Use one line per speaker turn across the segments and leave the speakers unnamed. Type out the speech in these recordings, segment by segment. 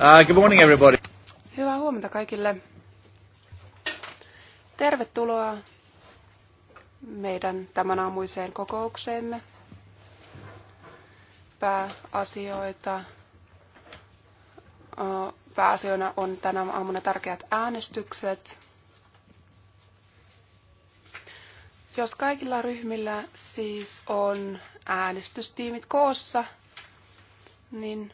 Uh, good morning everybody.
Hyvää huomenta kaikille. Tervetuloa meidän tämän aamuiseen kokoukseemme. Pääasioita. Uh, pääasioina on tänä aamuna tärkeät äänestykset. Jos kaikilla ryhmillä siis on äänestystiimit koossa, niin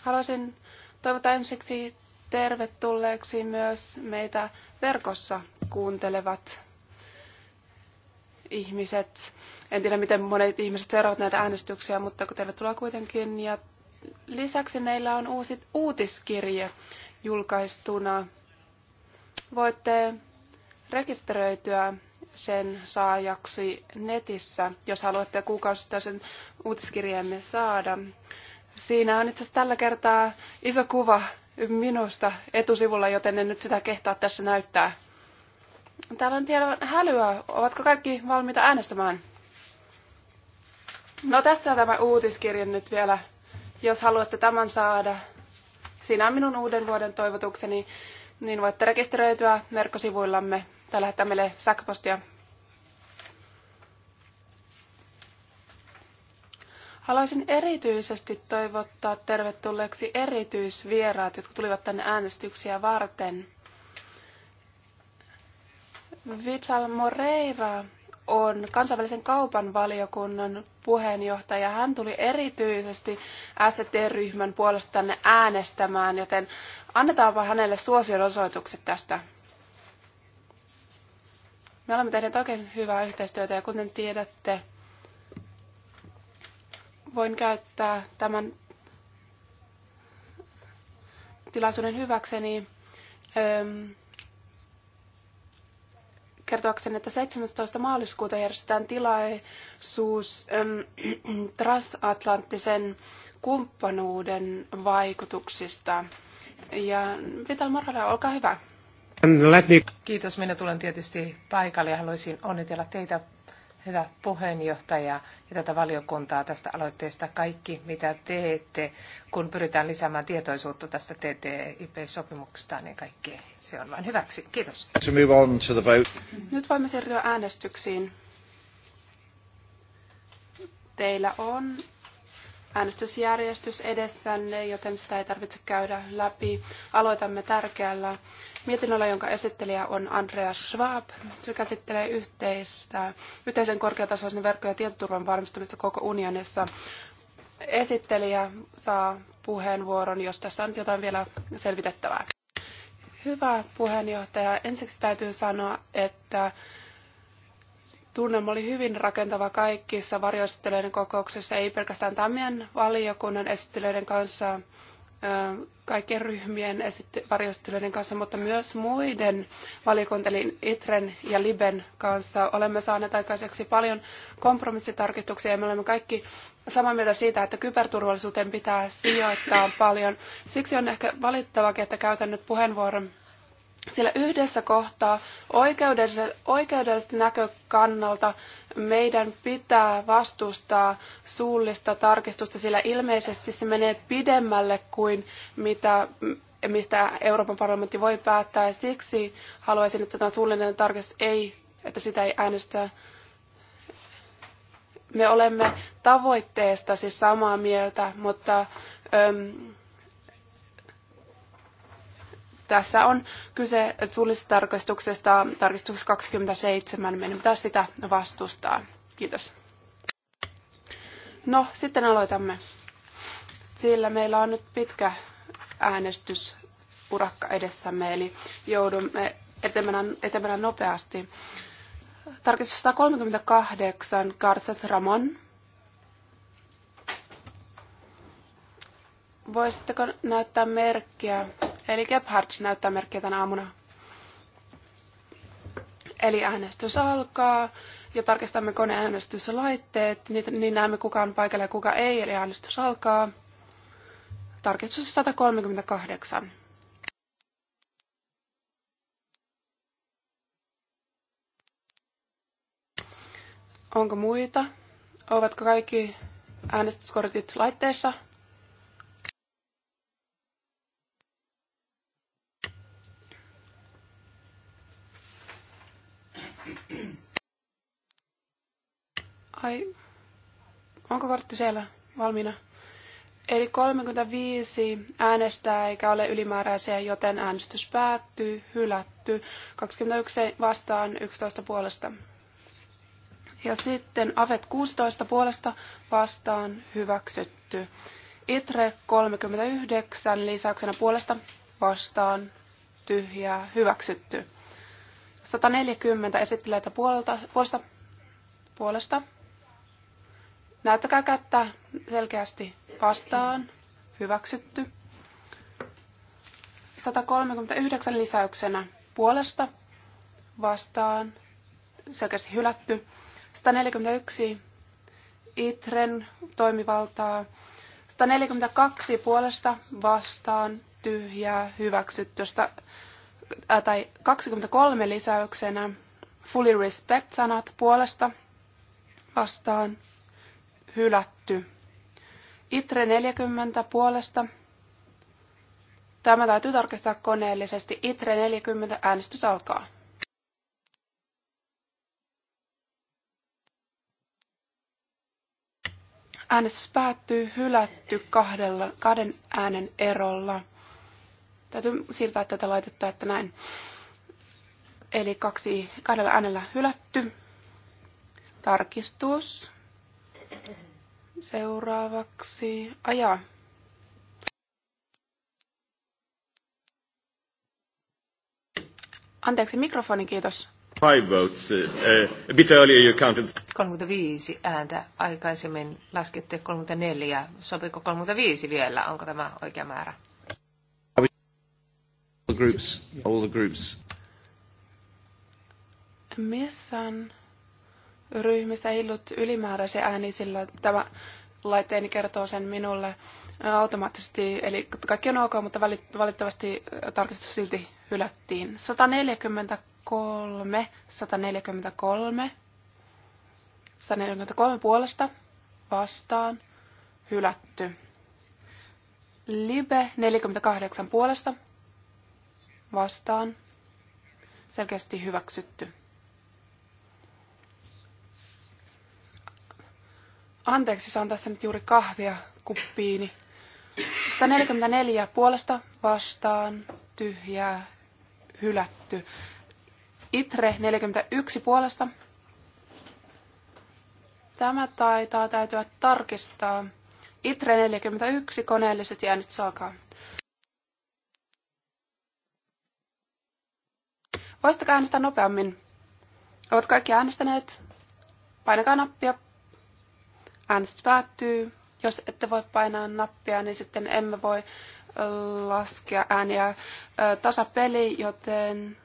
haluaisin Toivotan ensiksi tervetulleeksi myös meitä verkossa kuuntelevat ihmiset. En tiedä, miten monet ihmiset seuraavat näitä äänestyksiä, mutta tervetuloa kuitenkin. Ja lisäksi meillä on uusi uutiskirje julkaistuna. Voitte rekisteröityä sen saajaksi netissä, jos haluatte kuukausittaisen uutiskirjeemme saada. Siinä on itse asiassa tällä kertaa iso kuva minusta etusivulla, joten en nyt sitä kehtaa tässä näyttää. Täällä on tiedon hälyä. Ovatko kaikki valmiita äänestämään? No tässä on tämä uutiskirja nyt vielä, jos haluatte tämän saada. Siinä on minun uuden vuoden toivotukseni, niin voitte rekisteröityä verkkosivuillamme tai lähettää meille sähköpostia. Haluaisin erityisesti toivottaa tervetulleeksi erityisvieraat, jotka tulivat tänne äänestyksiä varten. Vital Moreira on kansainvälisen kaupan valiokunnan puheenjohtaja. Hän tuli erityisesti ST-ryhmän puolesta tänne äänestämään, joten annetaanpa hänelle suosion osoitukset tästä. Me olemme tehneet oikein hyvää yhteistyötä ja kuten tiedätte, voin käyttää tämän tilaisuuden hyväkseni ähm, kertoakseni, että 17. maaliskuuta järjestetään tilaisuus ähm, transatlanttisen kumppanuuden vaikutuksista. Ja Vital Morala, olkaa hyvä.
Kiitos, minä tulen tietysti paikalle ja haluaisin onnitella teitä hyvä puheenjohtaja ja tätä valiokuntaa tästä aloitteesta. Kaikki, mitä teette, kun pyritään lisäämään tietoisuutta tästä TTIP-sopimuksesta, niin kaikki se on vain hyväksi. Kiitos.
Nyt voimme siirtyä äänestyksiin. Teillä on äänestysjärjestys edessänne, joten sitä ei tarvitse käydä läpi. Aloitamme tärkeällä mietinnöllä, jonka esittelijä on Andreas Schwab. Se käsittelee yhteistä, yhteisen korkeatasoisen verkko- ja tietoturvan varmistamista koko unionissa. Esittelijä saa puheenvuoron, jos tässä on jotain vielä selvitettävää. Hyvä puheenjohtaja. Ensiksi täytyy sanoa, että tunnelma oli hyvin rakentava kaikissa varjoesittelyiden kokouksissa, ei pelkästään tämän valiokunnan esittelyiden kanssa kaikkien ryhmien varjostelijoiden kanssa, mutta myös muiden valiokuntelin ITREN ja LIBEN kanssa. Olemme saaneet aikaiseksi paljon kompromissitarkistuksia ja me olemme kaikki samaa mieltä siitä, että kyberturvallisuuteen pitää sijoittaa paljon. Siksi on ehkä valittava, että käytän nyt puheenvuoron sillä yhdessä kohtaa oikeudellisesti näkökannalta meidän pitää vastustaa suullista tarkistusta, sillä ilmeisesti se menee pidemmälle kuin mitä, mistä Euroopan parlamentti voi päättää. Ja siksi haluaisin, että tämä suullinen tarkistus ei, että sitä ei äänestä. Me olemme tavoitteesta siis samaa mieltä, mutta... Öm, tässä on kyse suullisesta tarkastuksesta, tarkistuksessa 27. Meidän pitää sitä vastustaa. Kiitos. No, sitten aloitamme. Sillä meillä on nyt pitkä äänestysurakka edessämme, eli joudumme etemään, etemään nopeasti. Tarkistus 138, Garcet Ramon. Voisitteko näyttää merkkiä Eli Gebhardt näyttää merkkiä tänä aamuna. Eli äänestys alkaa ja tarkistamme koneäänestyslaitteet, niin näemme kuka on paikalla ja kuka ei, eli äänestys alkaa. Tarkistus 138. Onko muita? Ovatko kaikki äänestyskortit laitteessa? Ai, onko kortti siellä valmiina? Eli 35 äänestää eikä ole ylimääräisiä, joten äänestys päättyy, hylätty. 21 vastaan 11 puolesta. Ja sitten Avet 16 puolesta vastaan hyväksytty. ITRE 39 lisäyksenä puolesta vastaan tyhjää hyväksytty. 140 esittelijöitä puolesta, puolesta Näyttäkää kättä selkeästi vastaan. Hyväksytty. 139 lisäyksenä puolesta vastaan. Selkeästi hylätty. 141 ITREN toimivaltaa. 142 puolesta vastaan tyhjää hyväksytty. Sitä, ää, äh, tai 23 lisäyksenä fully respect sanat puolesta vastaan hylätty. Itre 40 puolesta. Tämä täytyy tarkistaa koneellisesti. Itre 40 äänestys alkaa. Äänestys päättyy hylätty kahdella, kahden äänen erolla. Täytyy siirtää tätä laitetta, että näin. Eli kaksi, kahdella äänellä hylätty. Tarkistus. Seuraavaksi aja. Anteeksi, mikrofoni, kiitos.
Five votes. Uh, a bit earlier you counted.
35 ääntä. Aikaisemmin laskitte 34. Sopiko 35 vielä? Onko tämä oikea määrä?
All the groups. All the groups.
Missan ryhmissä ei ollut ylimääräisiä ääniä, sillä tämä laitteeni kertoo sen minulle automaattisesti. Eli kaikki on ok, mutta valitettavasti tarkistus silti hylättiin. 143, 143, 143 puolesta vastaan hylätty. Libe 48 puolesta vastaan selkeästi hyväksytty. Anteeksi, saan tässä nyt juuri kahvia kuppiini. 144 puolesta vastaan, tyhjää, hylätty. Itre 41 puolesta. Tämä taitaa täytyä tarkistaa. Itre 41, koneelliset jäänyt saakaa. Voisitko äänestää nopeammin? Ovat kaikki äänestäneet? Painakaa nappia Äänestys päättyy. Jos ette voi painaa nappia, niin sitten emme voi laskea ääniä. Tasapeli, joten,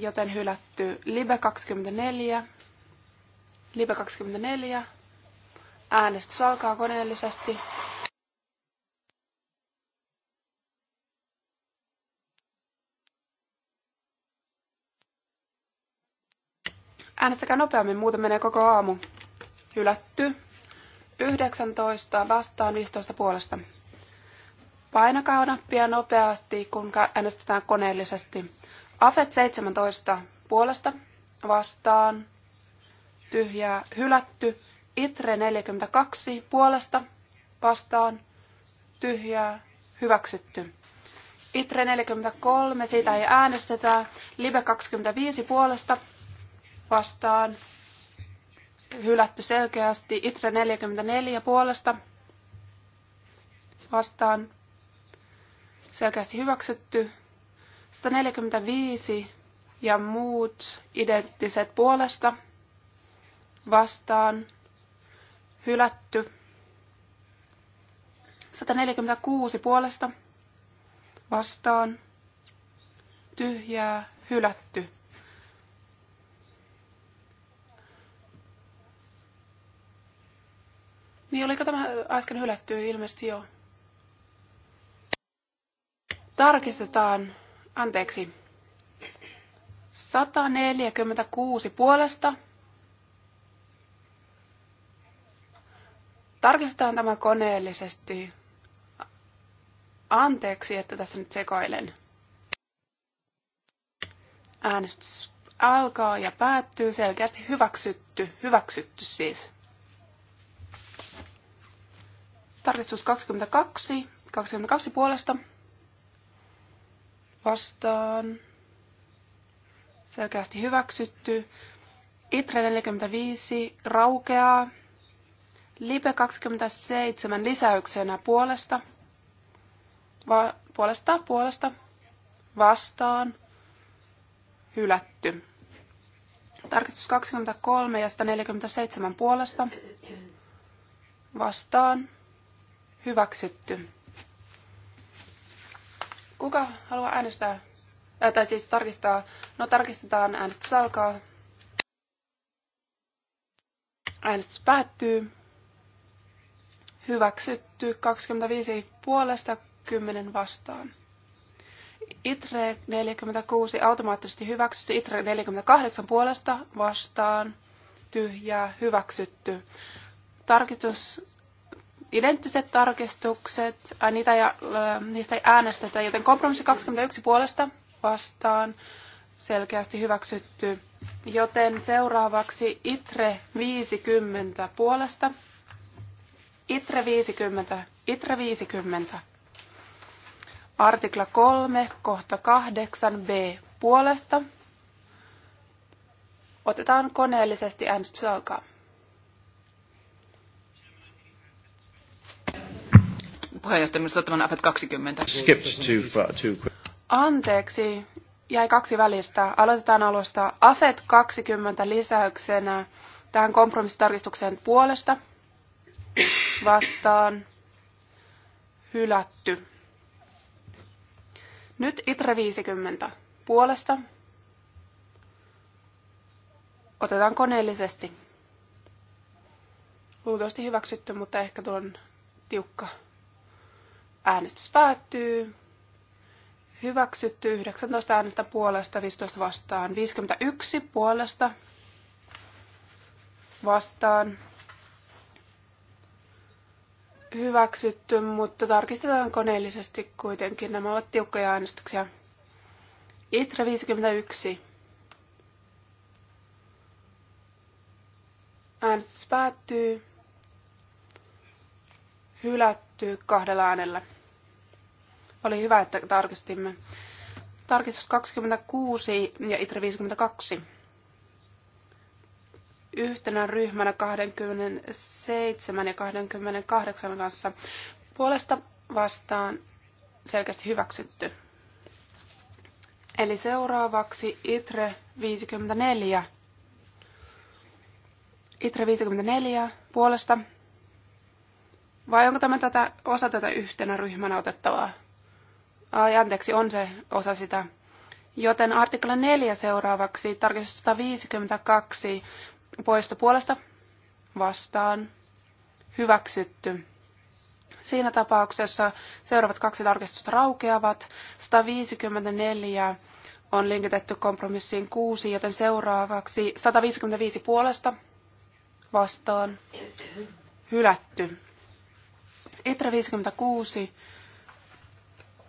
joten hylätty. Live 24. Live 24. Äänestys alkaa koneellisesti. Äänestäkää nopeammin, muuten menee koko aamu. Hylätty. 19 vastaan 15 puolesta. Painakaa nappia nopeasti, kun äänestetään koneellisesti. Afet 17 puolesta vastaan. Tyhjää hylätty. Itre 42 puolesta vastaan. Tyhjää hyväksytty. Itre 43, siitä ei äänestetä. Live 25 puolesta vastaan hylätty selkeästi. Itre 44 puolesta vastaan selkeästi hyväksytty. 145 ja muut identtiset puolesta vastaan hylätty. 146 puolesta vastaan tyhjää hylätty. Niin oliko tämä äsken hylätty ilmeisesti jo? Tarkistetaan. Anteeksi. 146 puolesta. Tarkistetaan tämä koneellisesti. Anteeksi, että tässä nyt sekoilen. Äänestys alkaa ja päättyy selkeästi hyväksytty, hyväksytty siis. Tarkistus 22. 22 puolesta. Vastaan. Selkeästi hyväksytty. Itre 45 raukeaa. Libe 27 lisäyksenä puolesta. Va- puolesta, puolesta. Vastaan. Hylätty. Tarkistus 23 ja 147 puolesta. Vastaan. Hyväksytty. Kuka haluaa äänestää? Äh, tai siis tarkistaa. No tarkistetaan, äänestys alkaa. Äänestys päättyy. Hyväksytty 25 puolesta 10 vastaan. ITRE 46 automaattisesti hyväksytty, ITRE 48 puolesta vastaan, tyhjää, hyväksytty. Tarkistus identtiset tarkistukset, ää, niitä ei, ää, niistä ei äänestetä, joten kompromissi 21 puolesta vastaan selkeästi hyväksytty. Joten seuraavaksi ITRE 50 puolesta. ITRE 50, ITRE 50. Artikla 3, kohta 8b puolesta. Otetaan koneellisesti äänestys alkaa.
puheenjohtajamme minusta AFET 20. too
far, too quick.
Anteeksi, jäi kaksi välistä. Aloitetaan alusta. AFET 20 lisäyksenä tähän kompromissitarkistuksen puolesta vastaan hylätty. Nyt ITRE 50 puolesta. Otetaan koneellisesti. Luultavasti hyväksytty, mutta ehkä tuon tiukka Äänestys päättyy. Hyväksytty 19 äänettä puolesta, 15 vastaan, 51 puolesta vastaan. Hyväksytty, mutta tarkistetaan koneellisesti kuitenkin. Nämä ovat tiukkoja äänestyksiä. Itra 51. Äänestys päättyy. Hylätty kahdella äänellä. Oli hyvä, että tarkistimme. Tarkistus 26 ja ITRE 52. Yhtenä ryhmänä 27 ja 28 kanssa puolesta vastaan selkeästi hyväksytty. Eli seuraavaksi ITRE 54. ITRE 54 puolesta. Vai onko tämä tätä, osa tätä yhtenä ryhmänä otettavaa? ai anteeksi, on se osa sitä. Joten artikla 4 seuraavaksi, tarkistus 152, poisto puolesta vastaan, hyväksytty. Siinä tapauksessa seuraavat kaksi tarkistusta raukeavat. 154 on linkitetty kompromissiin 6, joten seuraavaksi 155 puolesta vastaan hylätty. Itra 56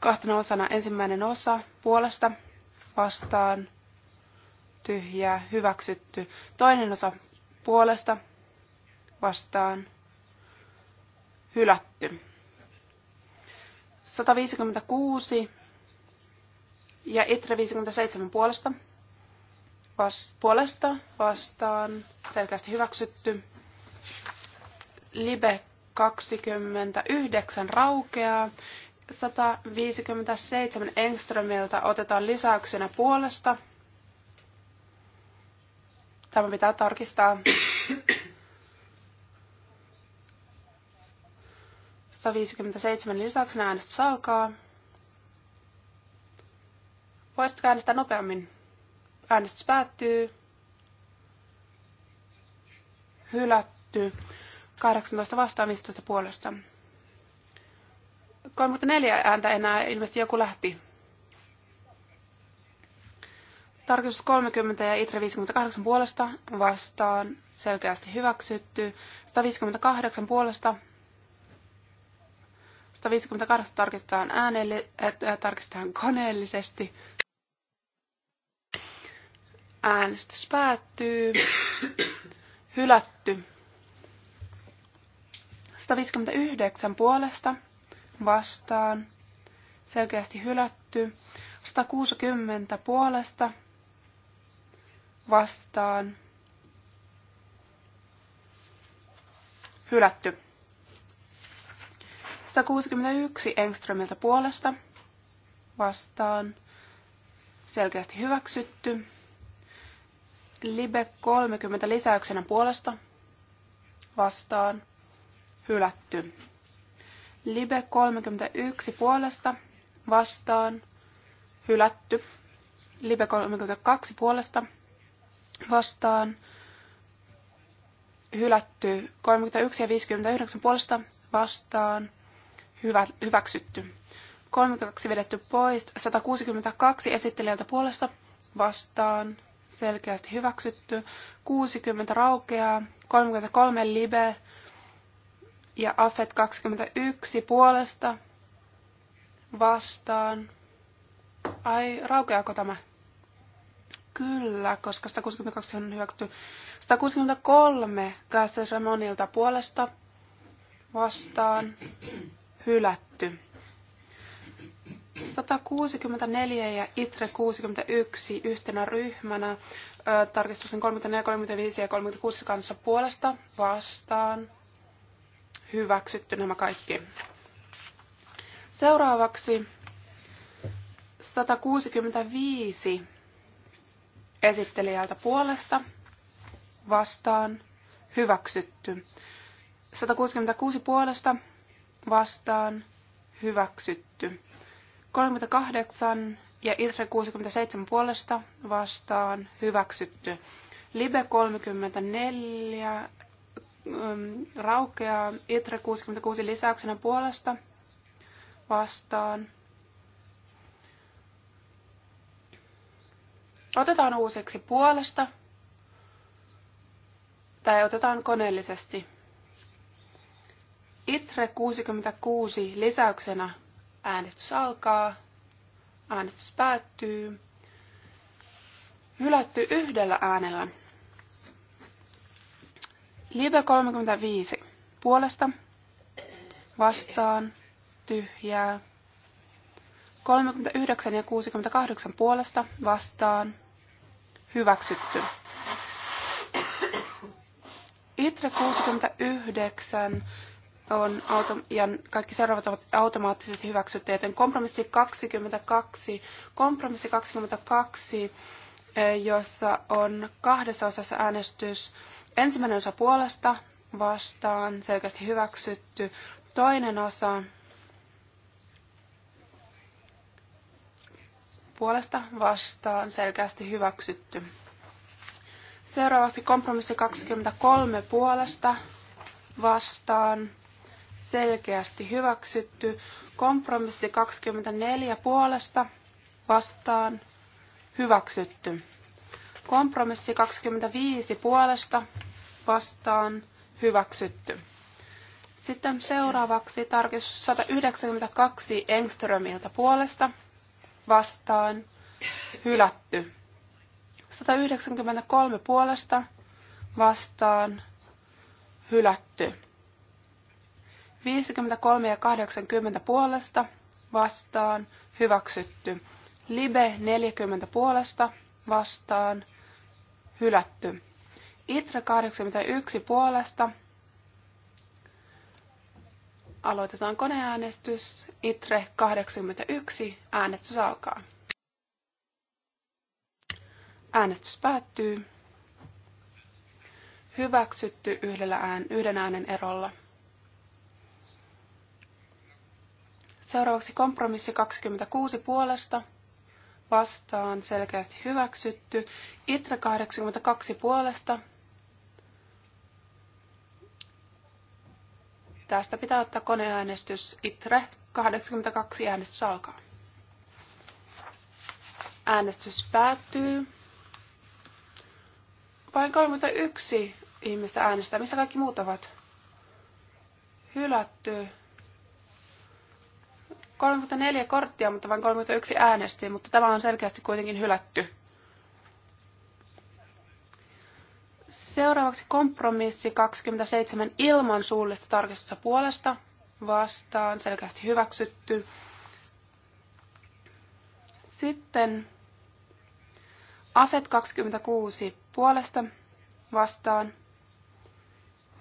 kahtena osana. Ensimmäinen osa puolesta vastaan tyhjää hyväksytty. Toinen osa puolesta vastaan hylätty. 156 ja Itre 57 puolesta. Vas, puolesta vastaan selkeästi hyväksytty. Libe 29 raukeaa. 157 Engströmiltä otetaan lisäyksenä puolesta. Tämä pitää tarkistaa. 157 lisäyksenä äänestys alkaa. Voisitko äänestää nopeammin? Äänestys päättyy. Hylätty. 18 vastaan 15 puolesta. 34 ääntä enää, ilmeisesti joku lähti. Tarkistus 30 ja ITRE 58 puolesta vastaan selkeästi hyväksytty. 158 puolesta 158 tarkistetaan, äänelle, äh, tarkistetaan koneellisesti. Äänestys päättyy. Hylätty. 159 puolesta vastaan, selkeästi hylätty. 160 puolesta vastaan, hylätty. 161 Engströmiltä puolesta vastaan, selkeästi hyväksytty. Libe 30 lisäyksenä puolesta vastaan, hylätty. Libe 31 puolesta vastaan hylätty. Libe 32 puolesta vastaan hylätty. 31 ja 59 puolesta vastaan hyvä, hyväksytty. 32 vedetty pois. 162 esittelijältä puolesta vastaan selkeästi hyväksytty. 60 raukeaa. 33 libe ja AFET 21 puolesta vastaan. Ai, raukeako tämä? Kyllä, koska 162 on hyväksytty. 163 Gastes Ramonilta puolesta vastaan hylätty. 164 ja ITRE 61 yhtenä ryhmänä. Tarkistuksen 34, 35 ja 36 kanssa puolesta vastaan hyväksytty nämä kaikki. Seuraavaksi 165 esittelijältä puolesta vastaan hyväksytty. 166 puolesta vastaan hyväksytty. 38 ja ITRE 67 puolesta vastaan hyväksytty. Libe 34 raukeaa ITRE 66 lisäyksenä puolesta vastaan. Otetaan uusiksi puolesta tai otetaan koneellisesti. ITRE 66 lisäyksenä äänestys alkaa, äänestys päättyy. Hylätty yhdellä äänellä. Live 35. Puolesta. Vastaan. Tyhjää. 39 ja 68 puolesta. Vastaan. Hyväksytty. Itre 69 on ja kaikki seuraavat ovat automaattisesti hyväksytty, joten kompromissi 22, kompromissi 22 jossa on kahdessa osassa äänestys. Ensimmäinen osa puolesta vastaan, selkeästi hyväksytty. Toinen osa puolesta vastaan, selkeästi hyväksytty. Seuraavaksi kompromissi 23 puolesta vastaan, selkeästi hyväksytty. Kompromissi 24 puolesta vastaan, hyväksytty. Kompromissi 25 puolesta vastaan hyväksytty. Sitten seuraavaksi tarkistus 192 Engströmiltä puolesta vastaan hylätty. 193 puolesta vastaan hylätty. 53 ja 80 puolesta vastaan hyväksytty. Libe 40 puolesta vastaan hylätty. Itre 81 puolesta. Aloitetaan koneäänestys. Itre 81. Äänestys alkaa. Äänestys päättyy. Hyväksytty yhdellä ään, yhden äänen erolla. Seuraavaksi kompromissi 26 puolesta vastaan selkeästi hyväksytty. Itra 82 puolesta. Tästä pitää ottaa koneäänestys. Itre 82 äänestys alkaa. Äänestys päättyy. Vain 31 ihmistä äänestää. Missä kaikki muut ovat? Hylätty. 34 korttia, mutta vain 31 äänesti, mutta tämä on selkeästi kuitenkin hylätty. Seuraavaksi kompromissi 27 ilman suullista tarkistusta puolesta vastaan, selkeästi hyväksytty. Sitten AFET 26 puolesta vastaan,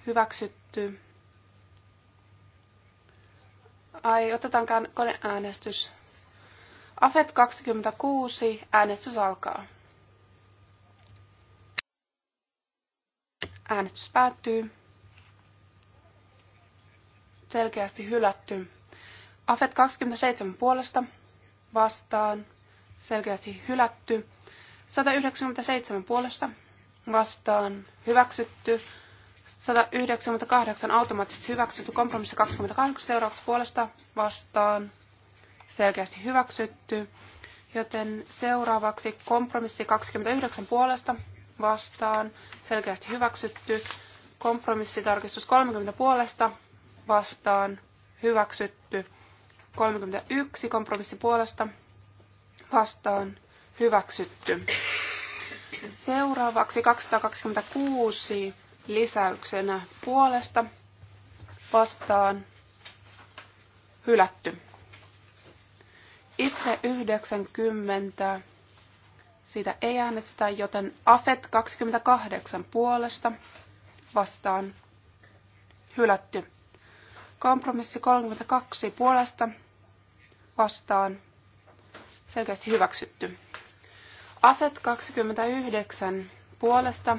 hyväksytty ai otetaankaan koneäänestys. AFET 26, äänestys alkaa. Äänestys päättyy. Selkeästi hylätty. AFET 27 puolesta vastaan. Selkeästi hylätty. 197 puolesta vastaan. Hyväksytty. 198 automaattisesti hyväksytty. Kompromissi 28 seuraavaksi puolesta vastaan selkeästi hyväksytty. Joten seuraavaksi kompromissi 29 puolesta vastaan selkeästi hyväksytty. Kompromissitarkistus 30 puolesta vastaan hyväksytty. 31 kompromissi puolesta vastaan hyväksytty. Seuraavaksi 226 lisäyksenä puolesta vastaan hylätty. Itse 90, sitä ei äänestetä, joten AFET 28 puolesta vastaan hylätty. Kompromissi 32 puolesta vastaan selkeästi hyväksytty. AFET 29 puolesta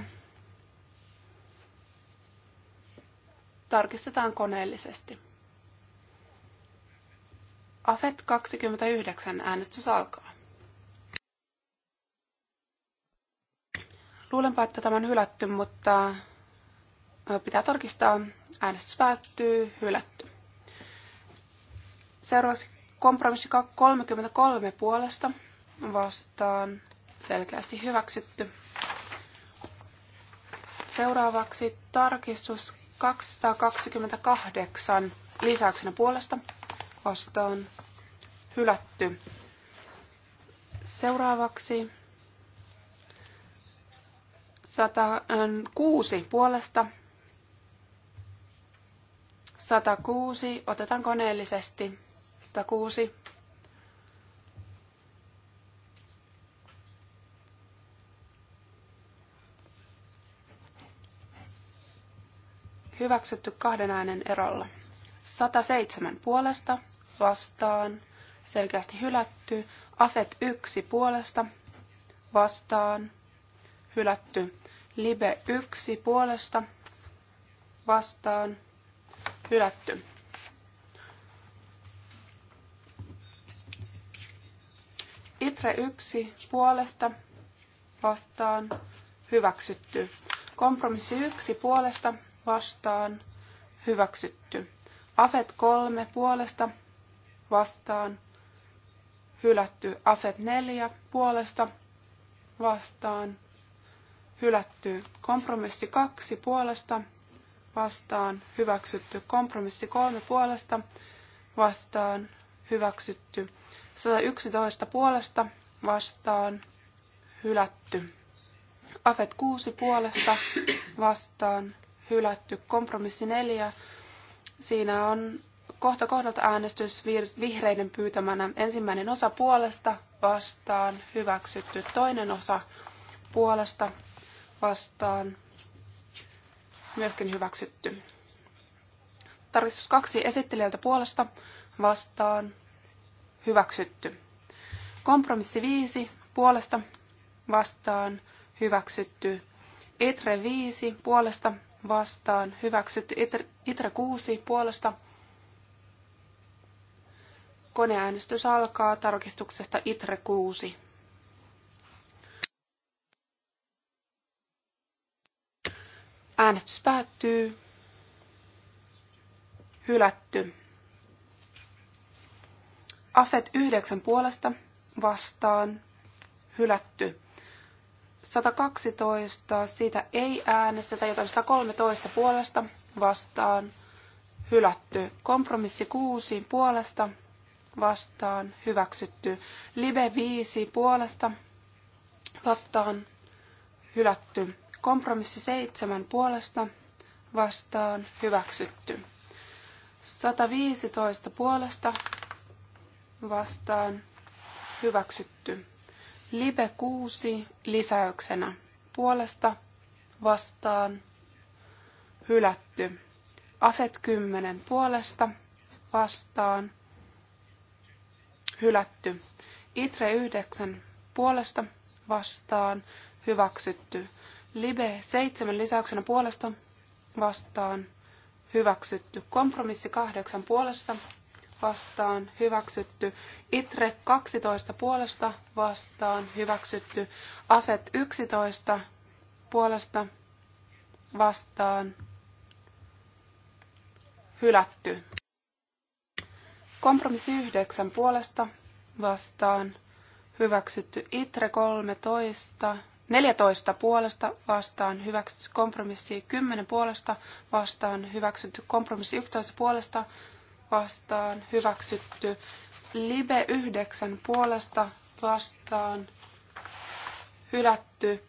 Tarkistetaan koneellisesti. AFET 29 äänestys alkaa. Luulenpa, että tämä on hylätty, mutta pitää tarkistaa. Äänestys päättyy, hylätty. Seuraavaksi kompromissi 33 puolesta vastaan selkeästi hyväksytty. Seuraavaksi tarkistus 228 lisäyksenä puolesta vastaan hylätty. Seuraavaksi 106 puolesta. 106 otetaan koneellisesti. 106 Hyväksytty kahden äänen erolla. 107 puolesta vastaan. Selkeästi hylätty. Afet 1 puolesta vastaan. Hylätty. Libe 1 puolesta vastaan. Hylätty. Itre 1 puolesta vastaan hyväksytty. Kompromissi 1 puolesta vastaan, hyväksytty. Afet 3 puolesta, vastaan, hylätty. Afet 4 puolesta, vastaan, hylätty. Kompromissi 2 puolesta, vastaan, hyväksytty. Kompromissi 3 puolesta, vastaan, hyväksytty. 111 puolesta, vastaan, hylätty. Afet 6 puolesta vastaan hylätty. Kompromissi neljä. Siinä on kohta kohdalta äänestys vihreiden pyytämänä. Ensimmäinen osa puolesta vastaan hyväksytty. Toinen osa puolesta vastaan myöskin hyväksytty. Tarkistus kaksi esittelijältä puolesta vastaan hyväksytty. Kompromissi viisi puolesta vastaan hyväksytty. Etre viisi puolesta vastaan hyväksytty. ITRE 6 puolesta. Koneäänestys alkaa tarkistuksesta ITRE 6. Äänestys päättyy. Hylätty. Afet 9 puolesta vastaan. Hylätty. 112, siitä ei äänestetä, joten 113 puolesta vastaan hylätty. Kompromissi 6 puolesta vastaan hyväksytty. Live 5 puolesta vastaan hylätty. Kompromissi 7 puolesta vastaan hyväksytty. 115 puolesta vastaan hyväksytty. Libe 6 lisäyksenä puolesta vastaan hylätty. Afet 10 puolesta vastaan hylätty. Itre 9 puolesta vastaan hyväksytty. Libe 7 lisäyksenä puolesta vastaan hyväksytty. Kompromissi 8 puolesta vastaan hyväksytty. Itre 12 puolesta vastaan hyväksytty. Afet 11 puolesta vastaan hylätty. Kompromissi 9 puolesta vastaan hyväksytty. Itre 13 14 puolesta vastaan hyväksytty kompromissi, 10 puolesta vastaan hyväksytty kompromissi, 11 puolesta vastaan hyväksytty. Libe 9 puolesta vastaan hylätty.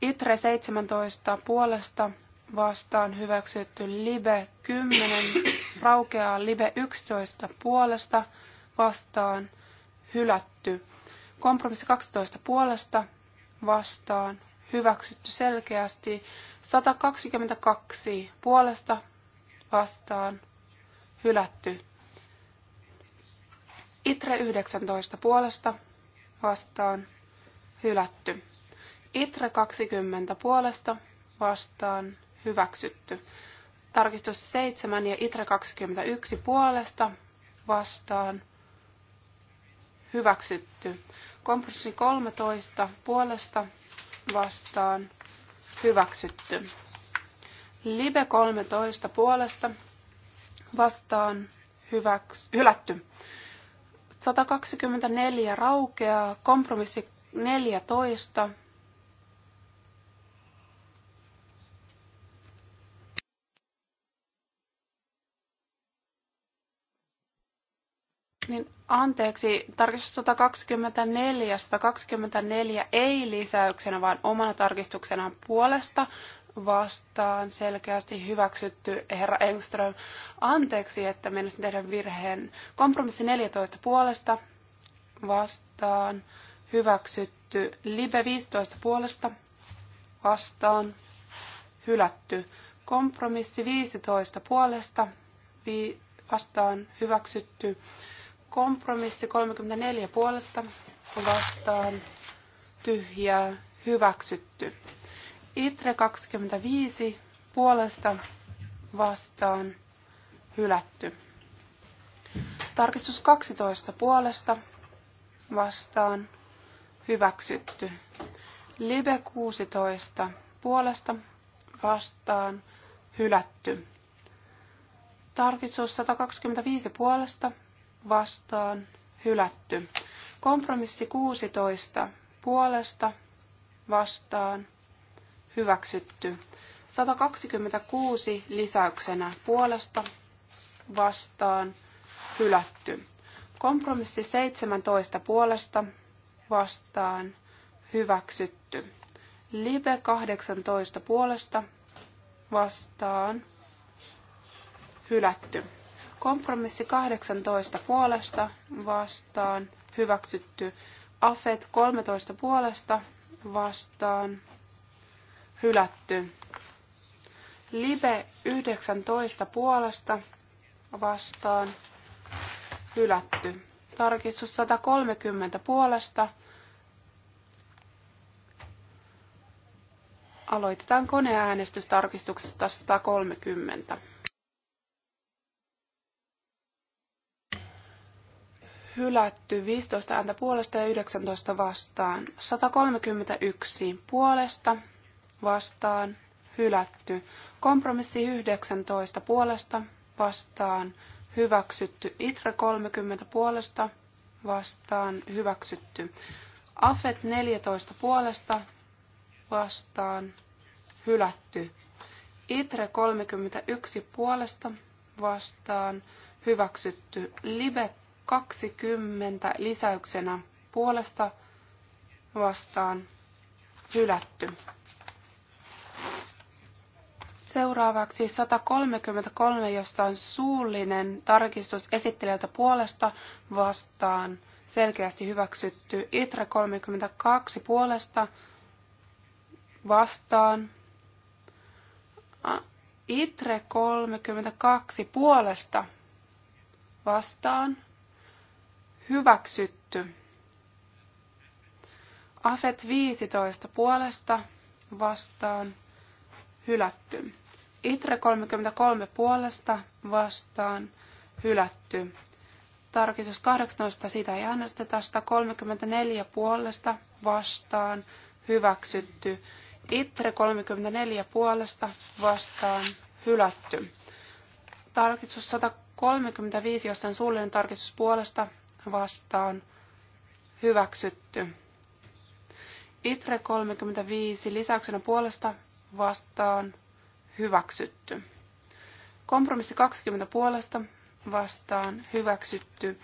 Itre 17 puolesta vastaan hyväksytty. Libe 10 raukeaa Libe 11 puolesta vastaan hylätty. Kompromissi 12 puolesta vastaan hyväksytty selkeästi. 122 puolesta vastaan hylätty. Itre 19 puolesta vastaan hylätty. Itre 20 puolesta vastaan hyväksytty. Tarkistus 7 ja Itre 21 puolesta vastaan hyväksytty. Kompromissi 13 puolesta vastaan hyväksytty. Libe 13 puolesta vastaan hyväks, hylätty. 124 raukeaa, kompromissi 14. Niin anteeksi, tarkistus 124, 124 ei lisäyksenä, vaan omana tarkistuksenaan puolesta vastaan selkeästi hyväksytty herra Engström. Anteeksi, että menisin tehdä virheen. Kompromissi 14 puolesta vastaan hyväksytty. Libe 15 puolesta vastaan hylätty. Kompromissi 15 puolesta vi- vastaan hyväksytty. Kompromissi 34 puolesta vastaan tyhjää hyväksytty. Itre 25 puolesta vastaan hylätty. Tarkistus 12 puolesta vastaan hyväksytty. Live 16 puolesta vastaan hylätty. Tarkistus 125 puolesta vastaan hylätty. Kompromissi 16 puolesta vastaan hyväksytty. 126 lisäyksenä puolesta vastaan hylätty. Kompromissi 17 puolesta vastaan hyväksytty. Live 18 puolesta vastaan hylätty. Kompromissi 18 puolesta vastaan hyväksytty. Afet 13 puolesta vastaan hylätty. Libe 19 puolesta vastaan hylätty. Tarkistus 130 puolesta. Aloitetaan koneäänestys tarkistuksesta 130. Hylätty 15 ääntä puolesta ja 19 vastaan. 131 puolesta vastaan hylätty. Kompromissi 19 puolesta vastaan hyväksytty. Itra 30 puolesta vastaan hyväksytty. Afet 14 puolesta vastaan hylätty. Itre 31 puolesta vastaan hyväksytty. Libe 20 lisäyksenä puolesta vastaan hylätty. Seuraavaksi 133, jossa on suullinen tarkistus esittelijältä puolesta vastaan. Selkeästi hyväksytty. ITRA 32 puolesta vastaan. ITRE 32 puolesta vastaan. Hyväksytty. AFET 15 puolesta vastaan hylätty. Itre 33 puolesta vastaan hylätty. Tarkistus 18, sitä ei äänestetä. 134 puolesta vastaan hyväksytty. Itre 34 puolesta vastaan hylätty. Tarkistus 135, jossa on suullinen tarkistus puolesta vastaan hyväksytty. Itre 35 lisäyksenä puolesta vastaan hyväksytty. Kompromissi 20 puolesta vastaan hyväksytty.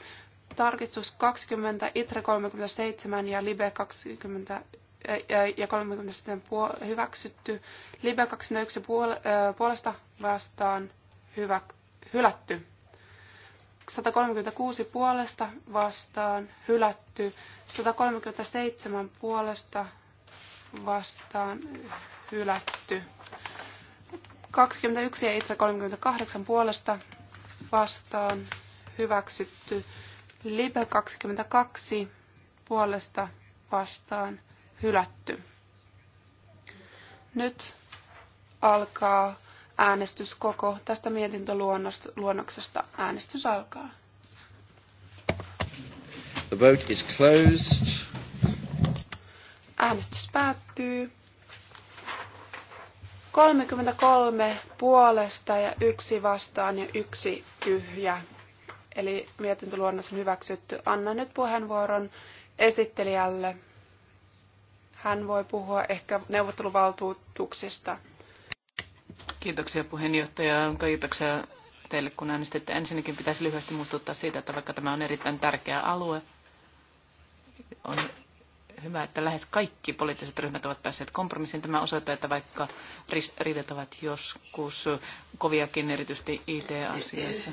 Tarkistus 20, ITRE 37 ja LIBE 20 ja 37 puol- hyväksytty. LIBE 21 puolesta vastaan hyvä- hylätty. 136 puolesta vastaan hylätty. 137 puolesta vastaan hylätty. 21 ja Itra 38 puolesta vastaan hyväksytty. Libe 22 puolesta vastaan hylätty. Nyt alkaa äänestys koko tästä mietintöluonnoksesta. Äänestys alkaa.
The vote is closed.
Äänestys päättyy. 33 puolesta ja yksi vastaan ja yksi tyhjä. Eli mietintöluonnos on hyväksytty. Anna nyt puheenvuoron esittelijälle. Hän voi puhua ehkä neuvotteluvaltuutuksista.
Kiitoksia puheenjohtaja. Kiitoksia teille, kun äänestitte. Ensinnäkin pitäisi lyhyesti muistuttaa siitä, että vaikka tämä on erittäin tärkeä alue, on hyvä, että lähes kaikki poliittiset ryhmät ovat päässeet kompromissiin. Tämä osoittaa, että vaikka riidat ovat joskus koviakin, erityisesti IT-asiassa,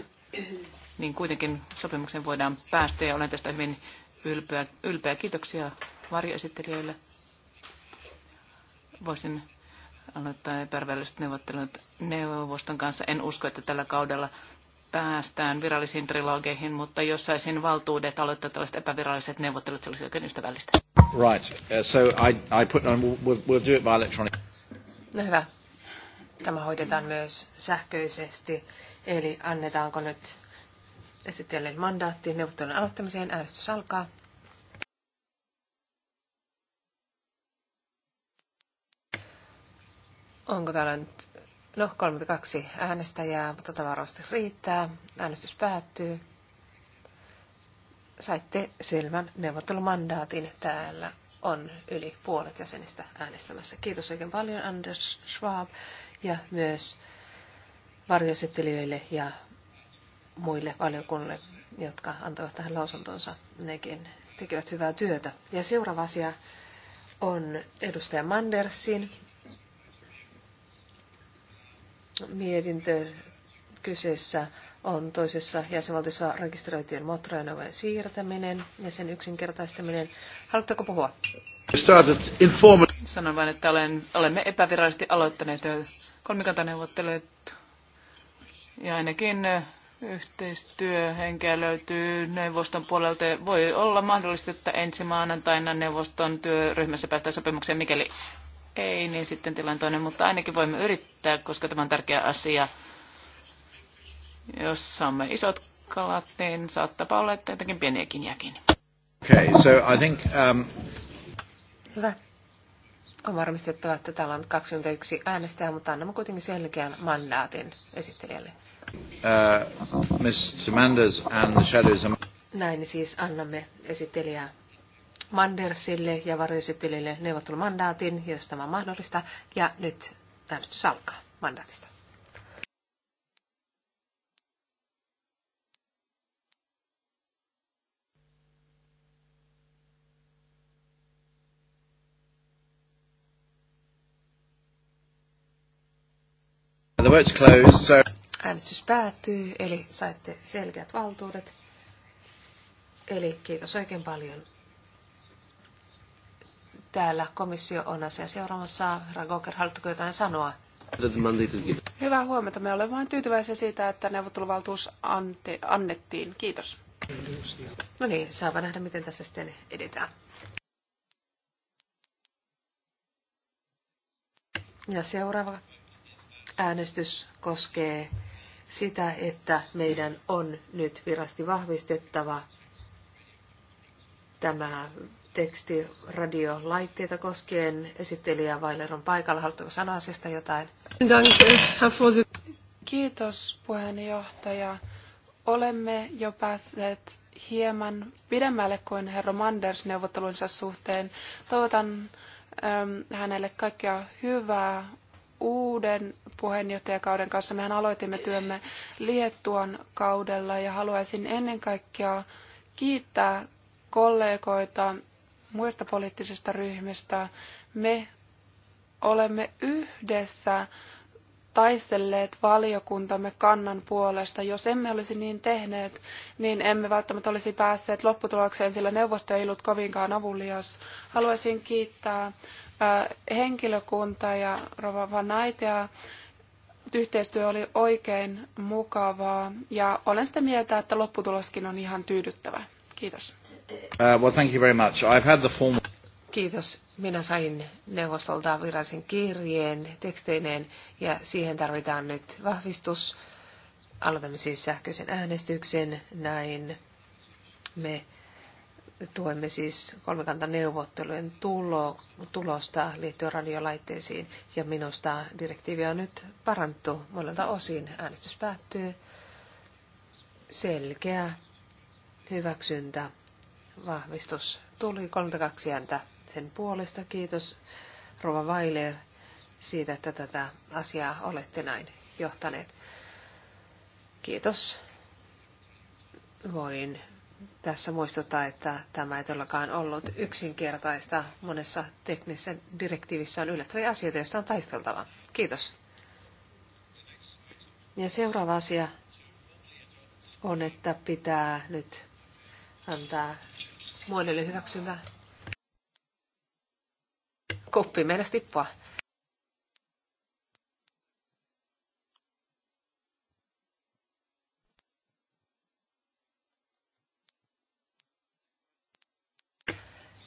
niin kuitenkin sopimukseen voidaan päästä ja olen tästä hyvin ylpeä. ylpeä. Kiitoksia varjoesittelijöille. Voisin aloittaa epäviralliset neuvottelut neuvoston kanssa. En usko, että tällä kaudella päästään virallisiin trilogeihin, mutta jos saisin valtuudet aloittaa tällaiset epäviralliset neuvottelut, se olisi oikein ystävällistä.
Right, uh, so I, I put on, we'll, we'll do it by electronic.
No
hyvä. Tämä hoidetaan myös sähköisesti, eli annetaanko nyt esittelijän mandaatti neuvottelun aloittamiseen. Äänestys alkaa. Onko täällä nyt No, 32 äänestäjää, mutta tätä varmasti riittää. Äänestys päättyy. Saitte selvän neuvottelumandaatin. Täällä on yli puolet jäsenistä äänestämässä. Kiitos oikein paljon Anders Schwab ja myös varjoesittelijöille ja muille valiokunnille, jotka antoivat tähän lausuntonsa. Nekin tekevät hyvää työtä. Ja seuraava asia on edustaja Mandersin mietintö kyseessä on toisessa jäsenvaltiossa rekisteröityjen moottoriajoneuvojen
siirtäminen ja sen yksinkertaistaminen. Haluatteko puhua? Sanon vain, että olen, olemme epävirallisesti aloittaneet kolmikantaneuvottelut ja ainakin yhteistyöhenkeä löytyy neuvoston puolelta. Voi olla mahdollista, että ensi maanantaina neuvoston työryhmässä päästään sopimukseen, mikäli ei, niin sitten tilanne toinen, mutta ainakin voimme yrittää, koska tämä on tärkeä asia. Jos saamme isot kalat, niin saattaa olla, että jotenkin pieniäkin jäkin.
Okay, so I think, um...
Hyvä.
On varmistettava, että täällä on 21 äänestäjää, mutta annamme kuitenkin selkeän mandaatin
esittelijälle. Uh, Mr. and the shadows...
Näin siis annamme esittelijää Mandersille ja varjoesittelijälle neuvottelumandaatin, jos tämä on mahdollista. Ja nyt äänestys alkaa mandaatista.
The vote's closed, so...
Äänestys päättyy, eli saitte selkeät valtuudet. Eli kiitos oikein paljon täällä komissio on asia seuraamassa. Ragoker, haluatko jotain sanoa?
Hyvää huomenta. Me olemme vain tyytyväisiä siitä, että neuvotteluvaltuus ante, annettiin. Kiitos. No niin, saa nähdä, miten tässä sitten edetään.
Ja seuraava äänestys koskee sitä, että meidän on nyt virasti vahvistettava tämä tekstiradiolaitteita koskien. Esittelijä Vailer on paikalla. Haluatteko sanoa asiasta jotain?
Kiitos puheenjohtaja. Olemme jo päässeet hieman pidemmälle kuin herra Manders neuvottelunsa suhteen. Toivotan äm, hänelle kaikkea hyvää uuden puheenjohtajakauden kanssa. Mehän aloitimme työmme Liettuan kaudella ja haluaisin ennen kaikkea kiittää kollegoita muista poliittisista ryhmistä. Me olemme yhdessä taistelleet valiokuntamme kannan puolesta. Jos emme olisi niin tehneet, niin emme välttämättä olisi päässeet lopputulokseen, sillä neuvosto ei ollut kovinkaan avulias. Haluaisin kiittää henkilökuntaa ja Rova Vanaitea. Yhteistyö oli oikein mukavaa ja olen sitä mieltä, että lopputuloskin on ihan tyydyttävä. Kiitos.
Uh, well, thank you very much. I've had the formal...
Kiitos. Minä sain neuvostolta virallisen kirjeen teksteineen ja siihen tarvitaan nyt vahvistus. Aloitamme siis sähköisen äänestyksen. Näin me tuemme siis kolmikantaneuvottelujen tulo, tulosta liittyen radiolaitteisiin. Ja minusta direktiivi on nyt parantu monelta osin. Äänestys päättyy. Selkeä hyväksyntä vahvistus tuli 32 ääntä sen puolesta. Kiitos Rova Weiler siitä, että tätä asiaa olette näin johtaneet. Kiitos. Voin tässä muistuttaa, että tämä ei todellakaan ollut yksinkertaista. Monessa teknisessä direktiivissä on yllättäviä asioita, joista on taisteltava. Kiitos. Ja seuraava asia on, että pitää nyt antaa muodelle hyväksyvää. Koppi meinasi tippua.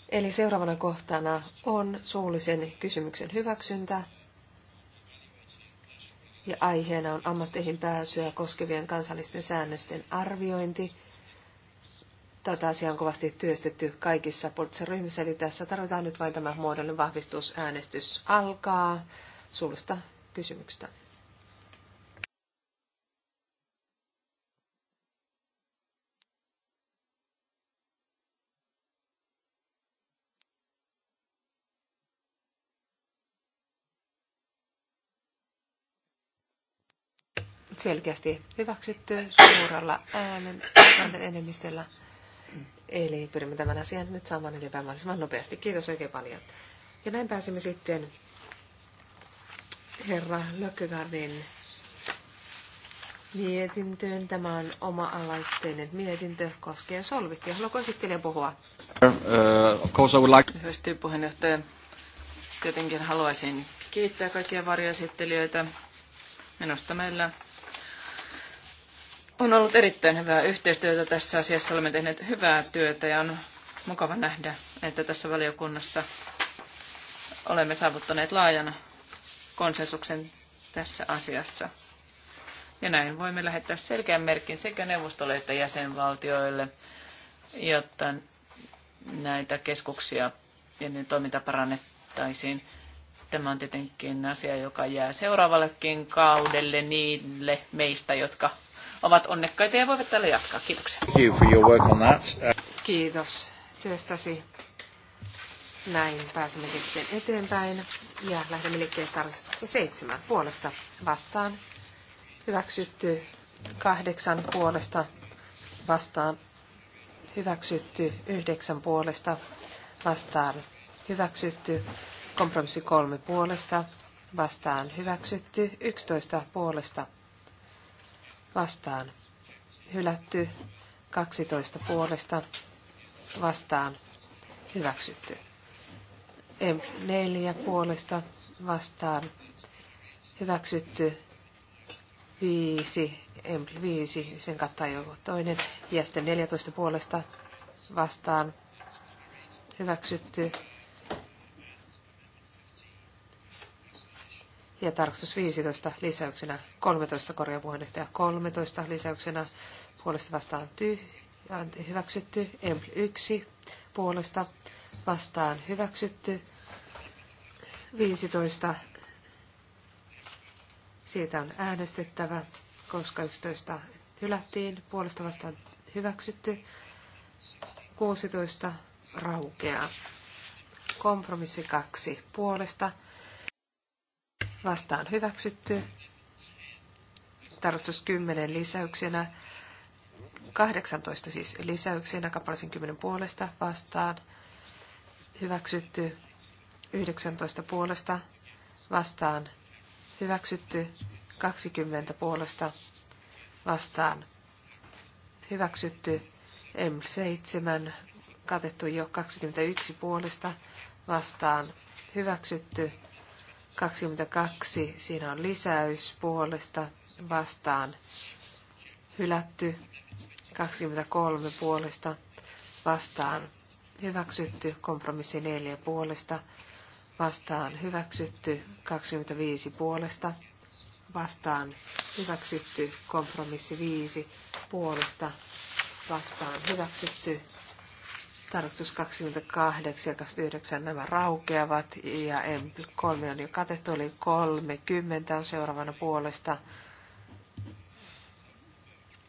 Eli seuraavana kohtana on suullisen kysymyksen hyväksyntä. Ja aiheena on ammatteihin pääsyä koskevien kansallisten säännösten arviointi Tätä asiaa on kovasti työstetty kaikissa poliittisissa ryhmissä, eli tässä tarvitaan nyt vain tämä muodollinen vahvistus. Äänestys alkaa. Suullista kysymyksestä. selkeästi hyväksytty suurella äänen enemmistöllä. Eli pyrimme tämän asian nyt saamaan eteenpäin mahdollisimman nopeasti. Kiitos oikein paljon. Ja näin pääsimme sitten herra Lökkögardin mietintöön. Tämä on oma-alaitteinen mietintö koskien solvittia. Haluatko
esittelijä puhua? Uh, Lyhyesti puheenjohtaja. Tietenkin haluaisin kiittää kaikkia varjoesittelijöitä. Minusta meillä on ollut erittäin hyvää yhteistyötä tässä asiassa. Olemme tehneet hyvää työtä ja on mukava nähdä, että tässä valiokunnassa olemme saavuttaneet laajan konsensuksen tässä asiassa. Ja näin voimme lähettää selkeän merkin sekä neuvostolle että jäsenvaltioille, jotta näitä keskuksia ja niiden toiminta parannettaisiin. Tämä on tietenkin asia, joka jää seuraavallekin kaudelle niille meistä, jotka ovat onnekkaita ja voivat täällä jatkaa. Kiitoksia. Kiitos työstäsi. Näin pääsemme sitten eteenpäin
ja lähdemme liikkeelle tarkistuksesta seitsemän puolesta vastaan. Hyväksytty kahdeksan puolesta vastaan. Hyväksytty yhdeksän puolesta vastaan. Hyväksytty kompromissi kolme puolesta vastaan. Hyväksytty yksitoista puolesta vastaan hylätty, 12 puolesta vastaan hyväksytty. M4 puolesta vastaan hyväksytty, 5, M5, sen kattaa joku toinen, ja sitten 14 puolesta vastaan hyväksytty, ja tarkastus 15 lisäyksenä, 13 korjapuheenjohtaja 13 lisäyksenä, puolesta vastaan tyhjä, hyväksytty, EMPL 1 puolesta vastaan hyväksytty, 15 siitä on äänestettävä, koska 11 hylättiin, puolesta vastaan hyväksytty, 16 raukeaa. Kompromissi 2 puolesta vastaan hyväksytty. Tarkoitus 10 lisäyksenä. 18 siis lisäyksenä kappalaisen 10 puolesta vastaan hyväksytty. 19 puolesta vastaan hyväksytty. 20 puolesta vastaan hyväksytty. M7 katettu jo 21 puolesta vastaan hyväksytty. 22, siinä on lisäys puolesta vastaan hylätty. 23 puolesta vastaan hyväksytty. Kompromissi 4 puolesta vastaan hyväksytty. 25 puolesta vastaan hyväksytty. Kompromissi 5 puolesta vastaan hyväksytty tarkastus 28 ja 29 nämä raukeavat ja m 3 on jo katettu, eli 30 on seuraavana puolesta.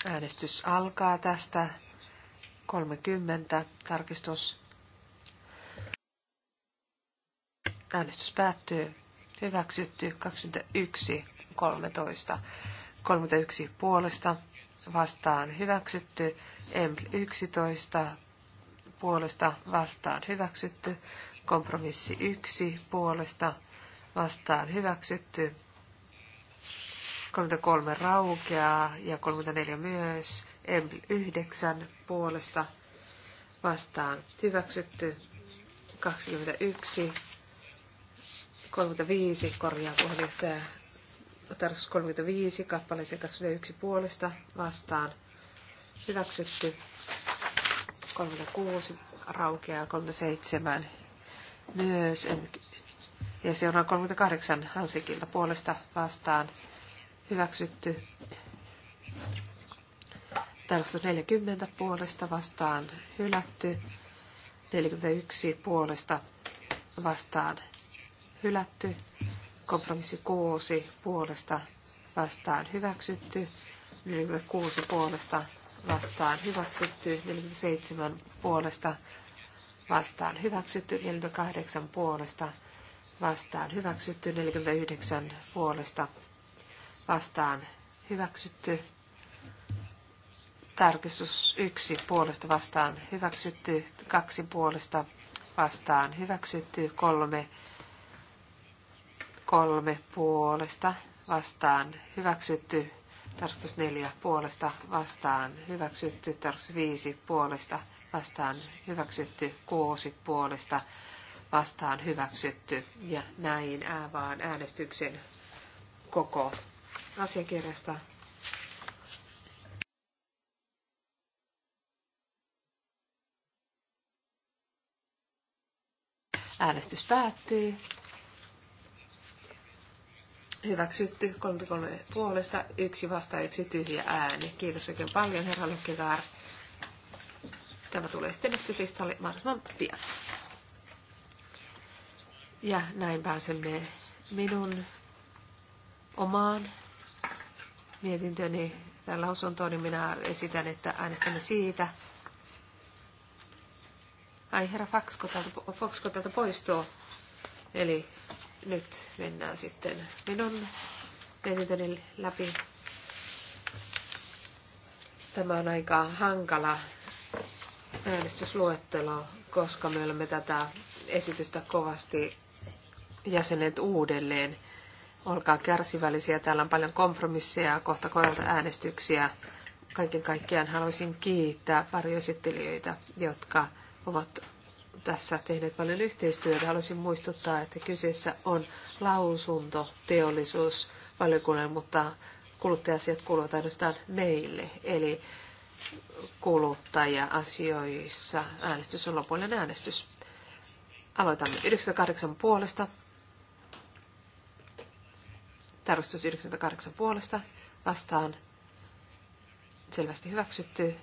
Äänestys alkaa tästä. 30 tarkistus. Äänestys päättyy. Hyväksytty 21 13. 31 puolesta vastaan hyväksytty. m 11 puolesta vastaan hyväksytty. Kompromissi 1 puolesta vastaan hyväksytty. 33 raukeaa ja 34 myös. M 9 puolesta vastaan hyväksytty. 21, 35 korjaa puheenjohtaja. Tarkoitus 35, kappaleeseen 21 puolesta vastaan hyväksytty. 36 raukeaa 37 myös. Ja se on 38 Hansikilta puolesta vastaan hyväksytty. Tässä on 40 puolesta vastaan hylätty. 41 puolesta vastaan hylätty. Kompromissi 6 puolesta vastaan hyväksytty. 46 puolesta vastaan hyväksytty, 47 puolesta vastaan hyväksytty, 48 puolesta vastaan hyväksytty, 49 puolesta vastaan hyväksytty, tarkistus 1 puolesta vastaan hyväksytty, 2 puolesta vastaan hyväksytty, 3 kolme puolesta vastaan hyväksytty, Tarkastus 4 puolesta vastaan hyväksytty. Tarkastus 5 puolesta vastaan hyväksytty. 6 puolesta vastaan hyväksytty. Ja näin vaan äänestyksen koko asiakirjasta Äänestys päättyy hyväksytty 33 puolesta, yksi vasta, yksi tyhjä ääni. Kiitos oikein paljon, herra Lukkevaar. Tämä tulee sitten listalle mahdollisimman pian. Ja näin pääsemme minun omaan mietintöni tai lausuntoon, minä esitän, että äänestämme siitä. Ai herra Foxko täältä, täältä poistuu. Eli nyt mennään sitten minun mietintöni läpi. Tämä on aika hankala äänestysluettelo, koska me olemme tätä esitystä kovasti jäsenet uudelleen. Olkaa kärsivällisiä, täällä on paljon kompromisseja, kohta kohdalta äänestyksiä. Kaiken kaikkiaan haluaisin kiittää varjoesittelijöitä, jotka ovat tässä tehneet paljon yhteistyötä. Haluaisin muistuttaa, että kyseessä on lausunto teollisuusvaliokunnalle, mutta kuluttaja-asiat kuuluvat ainoastaan meille. Eli kuluttaja-asioissa äänestys on lopullinen äänestys. Aloitamme 98 puolesta. Tarkastus 98 puolesta. Vastaan selvästi hyväksytty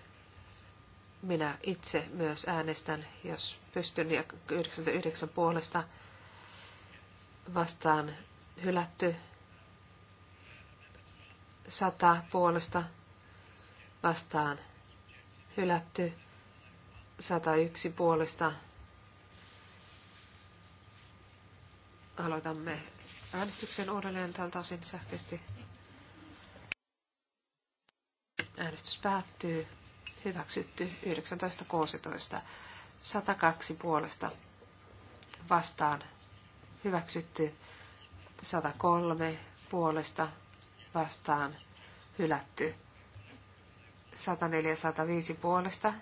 minä itse myös äänestän, jos pystyn, ja 99 puolesta vastaan hylätty, 100 puolesta vastaan hylätty, 101 puolesta aloitamme äänestyksen uudelleen tältä osin sähköisesti. Äänestys päättyy hyväksytty 19.16. 102 puolesta vastaan hyväksytty 103 puolesta vastaan hylätty 104 105 puolesta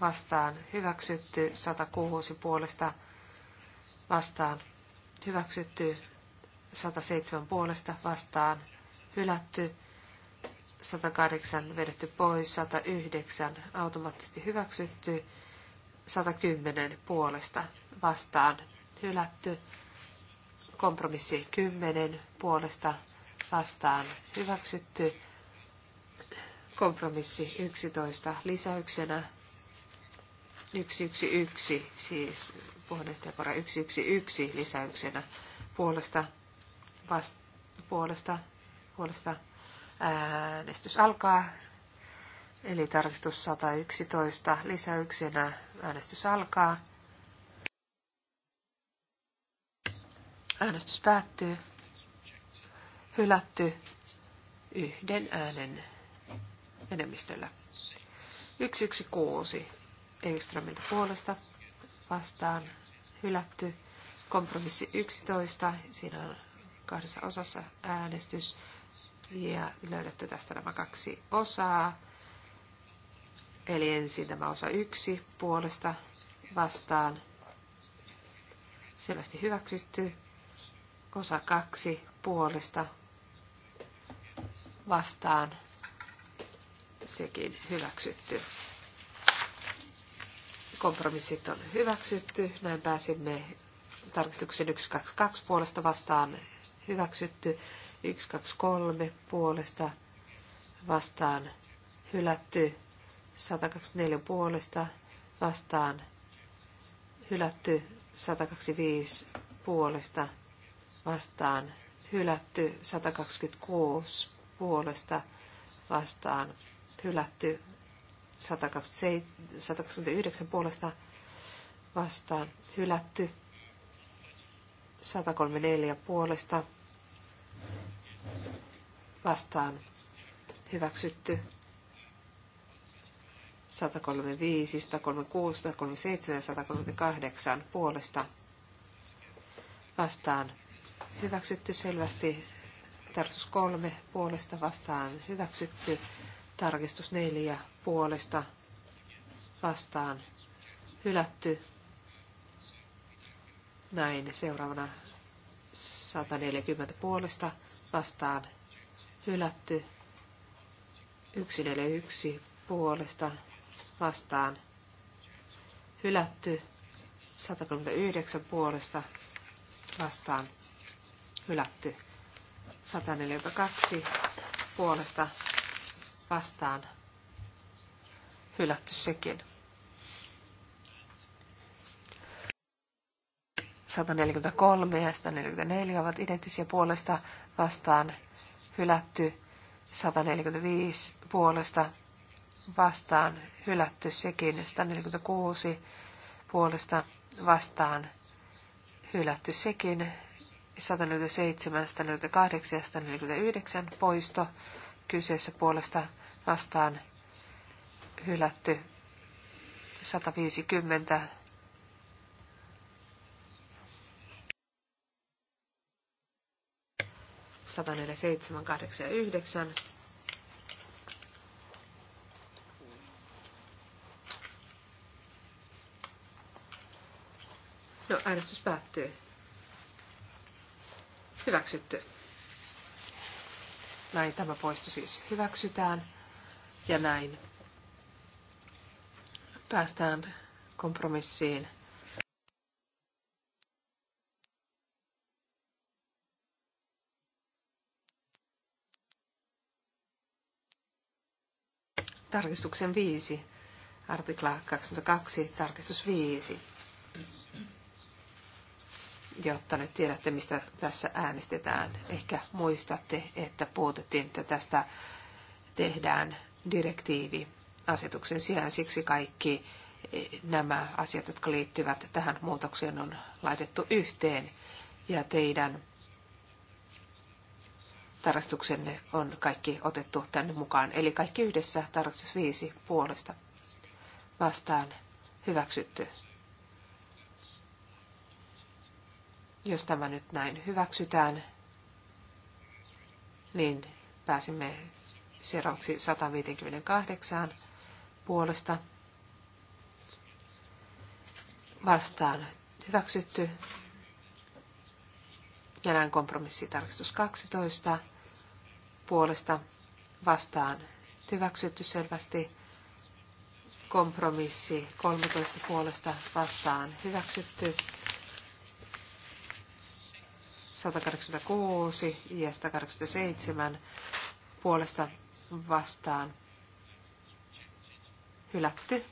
vastaan hyväksytty 106 puolesta vastaan hyväksytty 107 puolesta vastaan hylätty 108 vedetty pois, 109 automaattisesti hyväksytty, 110 puolesta vastaan hylätty, kompromissi 10 puolesta vastaan hyväksytty, kompromissi 11 lisäyksenä 111, siis puheenjohtajakora 111 lisäyksenä puolesta, vast, puolesta, puolesta Äänestys alkaa. Eli tarkistus 111 lisäyksenä. Äänestys alkaa. Äänestys päättyy. Hylätty yhden äänen enemmistöllä. 116 Engströmiltä puolesta vastaan hylätty. Kompromissi 11. Siinä on kahdessa osassa äänestys. Ja löydätte tästä nämä kaksi osaa. Eli ensin tämä osa yksi puolesta vastaan selvästi hyväksytty. Osa kaksi puolesta vastaan sekin hyväksytty. Kompromissit on hyväksytty. Näin pääsimme tarkistuksen 122 puolesta vastaan hyväksytty. 123 puolesta vastaan hylätty, 124 puolesta vastaan hylätty, 125 puolesta vastaan hylätty, 126 puolesta vastaan hylätty, 127, 129 puolesta vastaan hylätty, 134 puolesta vastaan hyväksytty. 135, 136, 137 ja 138 puolesta vastaan hyväksytty selvästi. Tarkistus 3 puolesta vastaan hyväksytty. Tarkistus 4 puolesta vastaan hylätty. Näin seuraavana 140 puolesta vastaan hylätty yksi puolesta vastaan hylätty 139 puolesta vastaan hylätty 142 puolesta vastaan hylätty sekin. 143 ja 144 ovat identtisiä puolesta vastaan hylätty 145 puolesta vastaan hylätty sekin 146 puolesta vastaan hylätty sekin 147, 148 ja 149 poisto kyseessä puolesta vastaan hylätty 150 10789. No, äänestys päättyy. Hyväksytty. Näin tämä poisto siis hyväksytään. Ja näin päästään kompromissiin tarkistuksen 5, artikla 22, tarkistus 5, jotta nyt tiedätte, mistä tässä äänestetään. Ehkä muistatte, että puutettiin, että tästä tehdään direktiivi asetuksen sijaan. Siksi kaikki eh, nämä asiat, jotka liittyvät tähän muutokseen, on laitettu yhteen. Ja teidän tarkastuksenne on kaikki otettu tänne mukaan. Eli kaikki yhdessä tarkastus viisi puolesta vastaan hyväksytty. Jos tämä nyt näin hyväksytään, niin pääsimme seuraavaksi 158 puolesta vastaan hyväksytty. Ja näin kompromissitarkistus 12 puolesta vastaan hyväksytty selvästi. Kompromissi 13 puolesta vastaan hyväksytty. 186 ja 187 puolesta vastaan hylätty.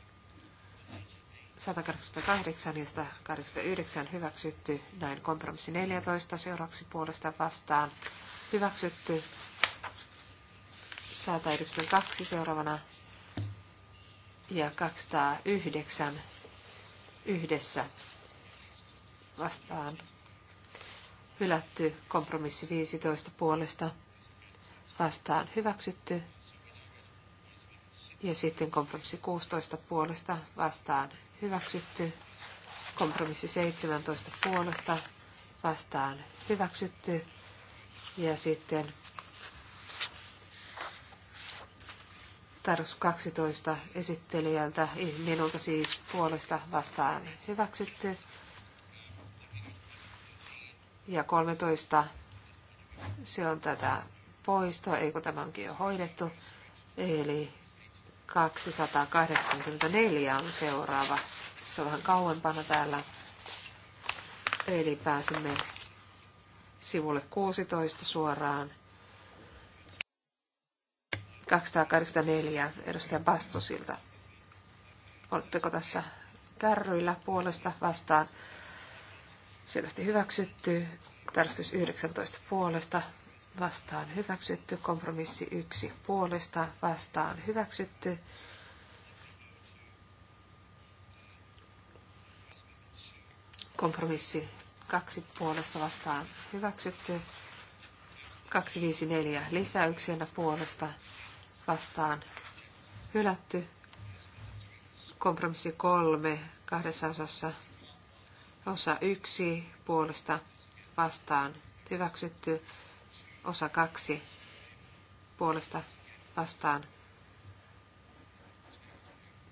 188 ja 189 hyväksytty, näin kompromissi 14 seuraavaksi puolesta vastaan hyväksytty, 192 seuraavana ja 209 yhdessä vastaan. Hylätty kompromissi 15 puolesta vastaan hyväksytty. Ja sitten kompromissi 16 puolesta vastaan hyväksytty. Kompromissi 17 puolesta vastaan hyväksytty. Ja sitten Tarkastus 12 esittelijältä, minulta siis puolesta vastaan hyväksytty. Ja 13, se on tätä poistoa, eikö tämänkin jo hoidettu. Eli 284 on seuraava. Se on vähän kauempana täällä. Eli pääsemme sivulle 16 suoraan. 284 edustaja Bastosilta. Oletteko tässä kärryillä puolesta vastaan? Selvästi hyväksytty. Tärsys 19 puolesta vastaan hyväksytty. Kompromissi 1 puolesta vastaan hyväksytty. Kompromissi 2 puolesta vastaan hyväksytty. 254 lisäyksenä puolesta vastaan hylätty. Kompromissi kolme kahdessa osassa. Osa yksi puolesta vastaan hyväksytty. Osa kaksi puolesta vastaan.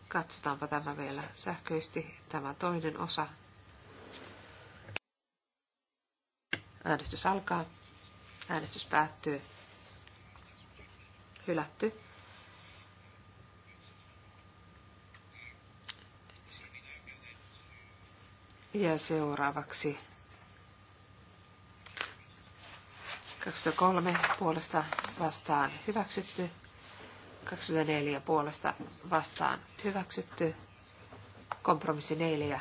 Katsotaanpa tämä vielä sähköisesti, tämä toinen osa. Äänestys alkaa. Äänestys päättyy. Hylätty. Ja seuraavaksi 23 puolesta vastaan hyväksytty. 24 puolesta vastaan hyväksytty. Kompromissi 4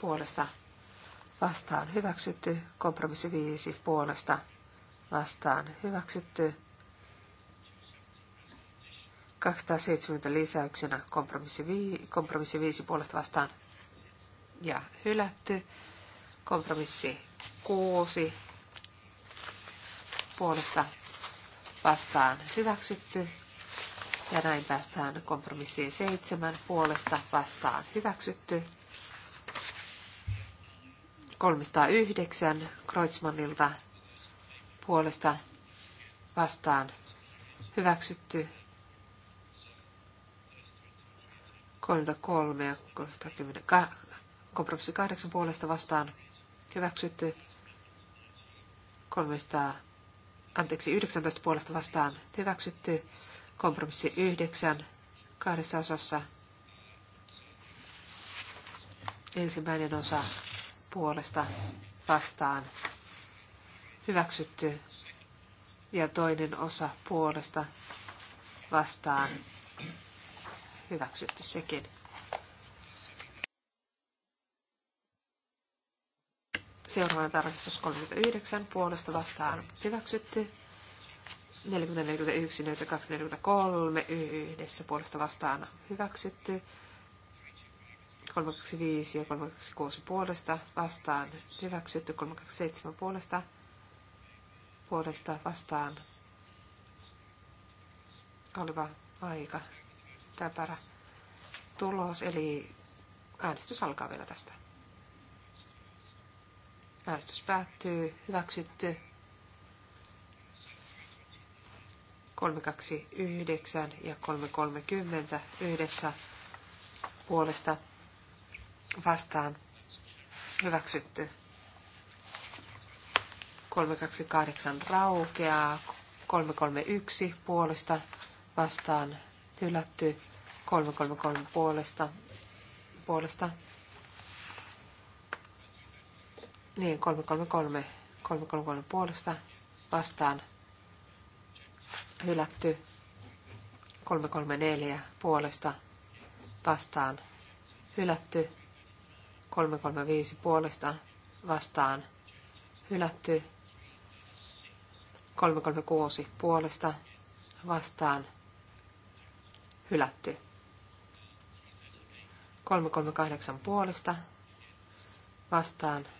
puolesta vastaan hyväksytty. Kompromissi 5 puolesta vastaan hyväksytty. 270 lisäyksenä kompromissi 5, puolesta vastaan ja hylätty. Kompromissi 6 puolesta vastaan hyväksytty. Ja näin päästään kompromissiin 7 puolesta vastaan hyväksytty. 309 Kreutzmannilta puolesta vastaan hyväksytty. 33 ja Kompromissi kahdeksan puolesta vastaan hyväksytty. 300, anteeksi, 19 puolesta vastaan hyväksytty. Kompromissi yhdeksän kahdessa osassa. Ensimmäinen osa puolesta vastaan hyväksytty ja toinen osa puolesta vastaan hyväksytty sekin. Seuraavan tarkistus 39 puolesta vastaan hyväksytty. 40, 41, 42, 43 yhdessä puolesta vastaan hyväksytty. 325 ja 326 puolesta vastaan hyväksytty. 327 puolesta puolesta vastaan oliva aika täpärä tulos, eli äänestys alkaa vielä tästä. Äänestys päättyy. Hyväksytty. 329 ja 330 yhdessä puolesta vastaan hyväksytty. 328 raukeaa, 331 puolesta vastaan hylätty, 333 puolesta, puolesta Niin, 333, 333 puolesta vastaan hylätty. 334 puolesta vastaan hylätty. 335 puolesta vastaan hylätty. 336 puolesta vastaan hylätty. 338 puolesta vastaan hylätty.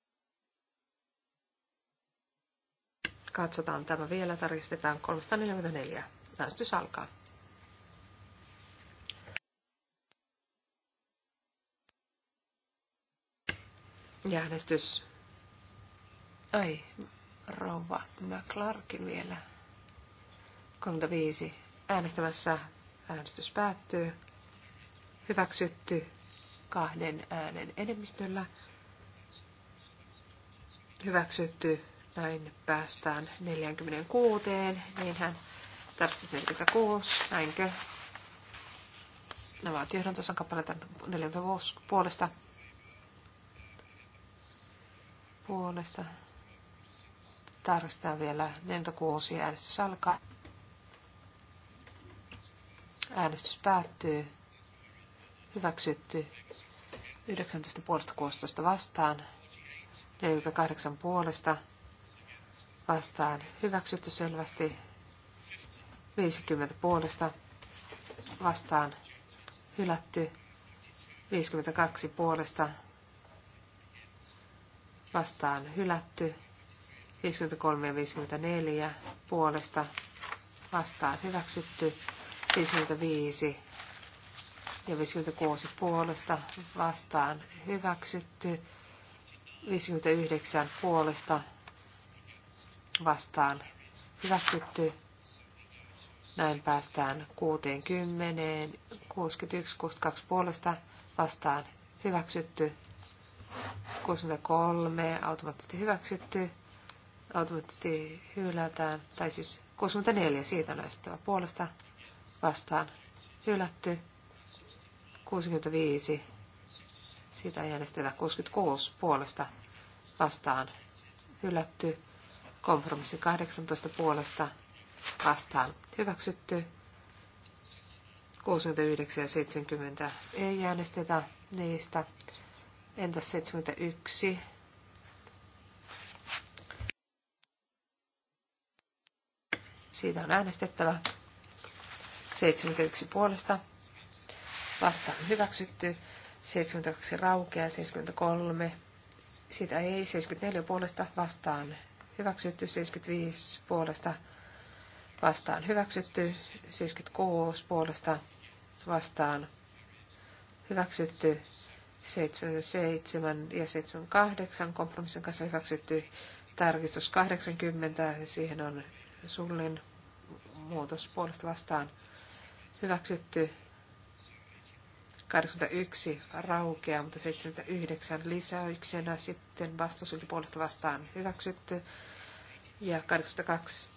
Katsotaan tämä vielä, tarkistetaan 344. Äänestys alkaa. Ja äänestys. Ai, rouva McClarkin vielä. 35. Äänestämässä äänestys päättyy. Hyväksytty kahden äänen enemmistöllä. Hyväksytty näin päästään 46, niin hän tarkistus 46, näinkö? Nämä ovat johdon johdantosan kappaleita 46 puolesta. Puolesta. Tarkistetaan vielä 46 äänestys alkaa. Äänestys päättyy. Hyväksytty. 19 puolesta 16 vastaan. 48 puolesta vastaan hyväksytty selvästi. 50 puolesta vastaan hylätty. 52 puolesta vastaan hylätty. 53 ja 54 puolesta vastaan hyväksytty. 55 ja 56 puolesta vastaan hyväksytty. 59 puolesta vastaan hyväksytty. Näin päästään 60, 61, 62 puolesta vastaan hyväksytty. 63 automaattisesti hyväksytty. Automaattisesti hylätään, tai siis 64 siitä näistä puolesta vastaan hylätty. 65 siitä ei äänestetä 66 puolesta vastaan hylätty. Kompromissi 18 puolesta vastaan hyväksytty. 69 ja 70 ei äänestetä niistä. Entäs 71? Siitä on äänestettävä. 71 puolesta. Vastaan hyväksytty. 72 raukeaa. 73. Siitä ei. 74 puolesta vastaan hyväksytty, 75 puolesta vastaan hyväksytty, 76 puolesta vastaan hyväksytty, 77 ja 78 kompromissin kanssa hyväksytty, tarkistus 80 ja siihen on sullin muutos puolesta vastaan hyväksytty, 81 raukeaa, mutta 79 lisäyksenä sitten vastasulti puolesta vastaan hyväksytty. Ja 82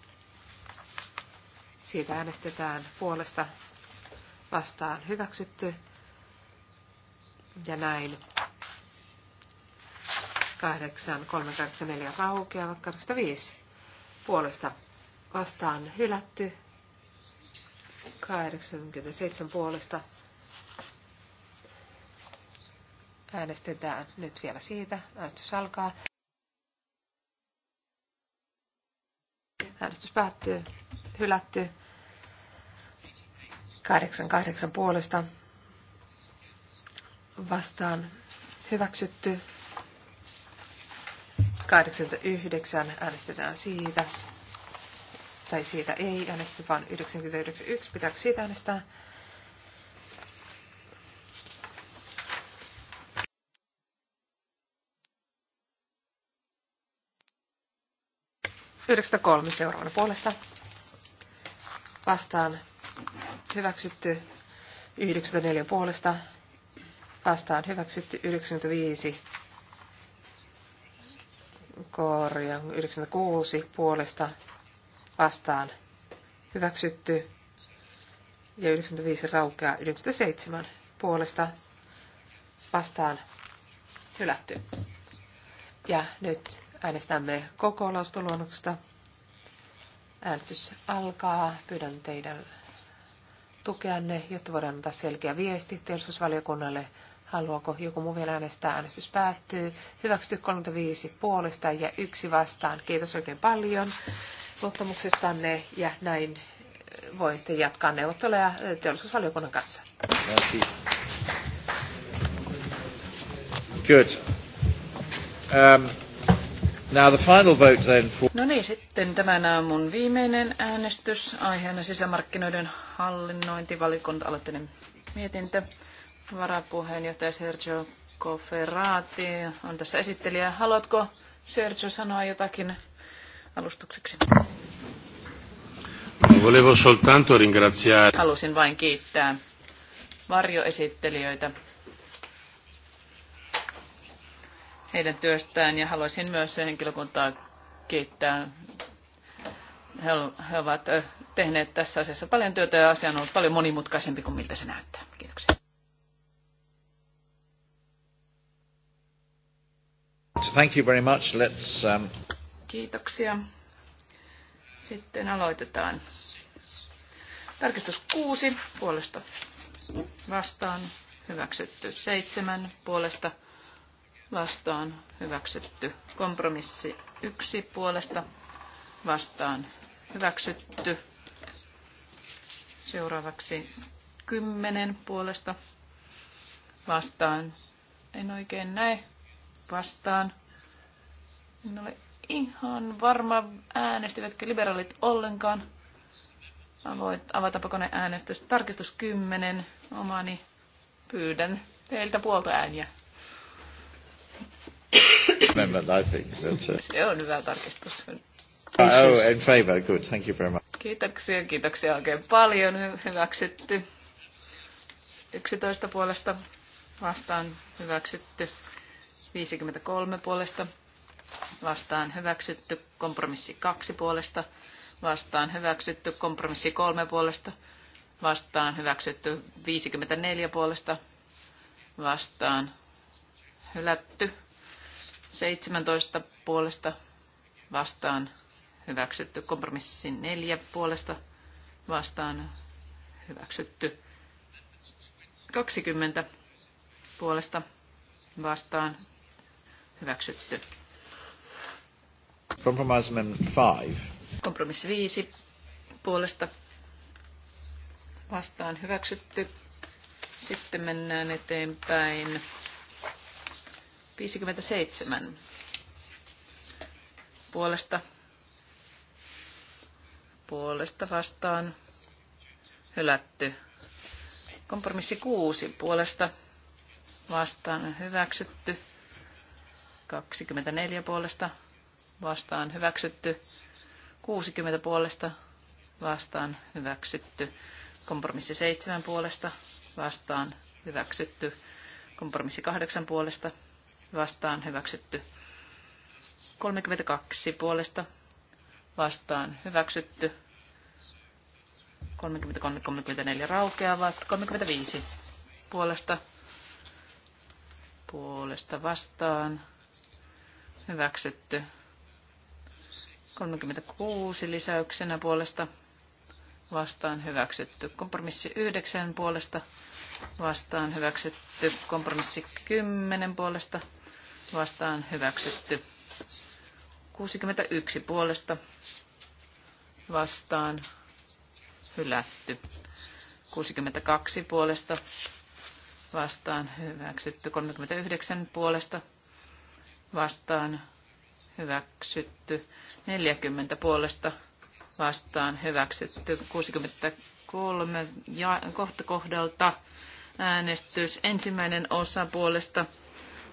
siitä äänestetään puolesta vastaan hyväksytty. Ja näin 8, 3, 8, 4 raukeaa, 85 puolesta vastaan hylätty, 87 puolesta äänestetään nyt vielä siitä. Äänestys alkaa. Äänestys päättyy. Hylätty. 88 puolesta vastaan hyväksytty. 89 äänestetään siitä. Tai siitä ei äänestetä, vaan 991 pitääkö siitä äänestää. 93 seuraavana puolesta. Vastaan hyväksytty 94 puolesta. Vastaan hyväksytty 95 korja 96 puolesta vastaan hyväksytty ja 95 raukeaa 97 puolesta vastaan hylätty. Ja nyt Äänestämme koko laustoluonnoksesta. Äänestys alkaa. Pyydän teidän tukeanne, jotta voidaan antaa selkeä viesti teollisuusvaliokunnalle. Haluaako joku muu vielä äänestää? Äänestys päättyy. Hyväksytty 35 puolesta ja yksi vastaan. Kiitos oikein paljon luottamuksestanne ja näin voin sitten jatkaa neuvotteluja teollisuusvaliokunnan kanssa.
Merci. Good. Um, Now the final vote then for... No
niin, sitten tämän aamun viimeinen äänestys aiheena sisämarkkinoiden hallinnointivalikunta aloittainen mietintö. Varapuheenjohtaja Sergio Cofferati on tässä esittelijä. Haluatko Sergio sanoa jotakin alustukseksi?
No, volevo soltanto ringraziare. Halusin
vain kiittää varjoesittelijöitä heidän työstään ja haluaisin myös henkilökuntaa kiittää. He ovat tehneet tässä asiassa paljon työtä ja asia on ollut paljon monimutkaisempi kuin miltä se näyttää. Kiitoksia.
Thank you very much. Let's, um...
Kiitoksia. Sitten aloitetaan. Tarkistus kuusi puolesta vastaan. Hyväksytty seitsemän puolesta vastaan hyväksytty. Kompromissi yksi puolesta vastaan hyväksytty. Seuraavaksi kymmenen puolesta vastaan. En oikein näe vastaan. En ole ihan varma, äänestivätkö liberaalit ollenkaan. Avataanpa koneäänestys. Tarkistus 10. Omani pyydän teiltä puolta ääniä.
Uh, Se
on hyvä tarkistus. Uh,
oh, in favor. Good. Thank you very much.
Kiitoksia, kiitoksia oikein paljon. Hyväksytty. 11 puolesta vastaan hyväksytty. 53 puolesta vastaan hyväksytty. Kompromissi 2 puolesta vastaan hyväksytty. Kompromissi 3 puolesta vastaan hyväksytty. 54 puolesta vastaan hylätty. 17 puolesta vastaan hyväksytty. Kompromissi 4 puolesta vastaan hyväksytty. 20 puolesta vastaan hyväksytty.
Compromise 5.
Kompromissi 5 puolesta vastaan hyväksytty. Sitten mennään eteenpäin 57 puolesta puolesta vastaan hylätty. Kompromissi 6 puolesta vastaan hyväksytty. 24 puolesta vastaan hyväksytty. 60 puolesta vastaan hyväksytty. Kompromissi 7 puolesta vastaan hyväksytty. Kompromissi 8 puolesta vastaan hyväksytty. 32 puolesta vastaan hyväksytty. 33, 34 raukeavat. 35 puolesta puolesta vastaan hyväksytty. 36 lisäyksenä puolesta vastaan hyväksytty. Kompromissi 9 puolesta vastaan hyväksytty. Kompromissi 10 puolesta vastaan hyväksytty. 61 puolesta vastaan hylätty. 62 puolesta vastaan hyväksytty. 39 puolesta vastaan hyväksytty. 40 puolesta vastaan hyväksytty. 63 ja kohta kohdalta äänestys. Ensimmäinen osa puolesta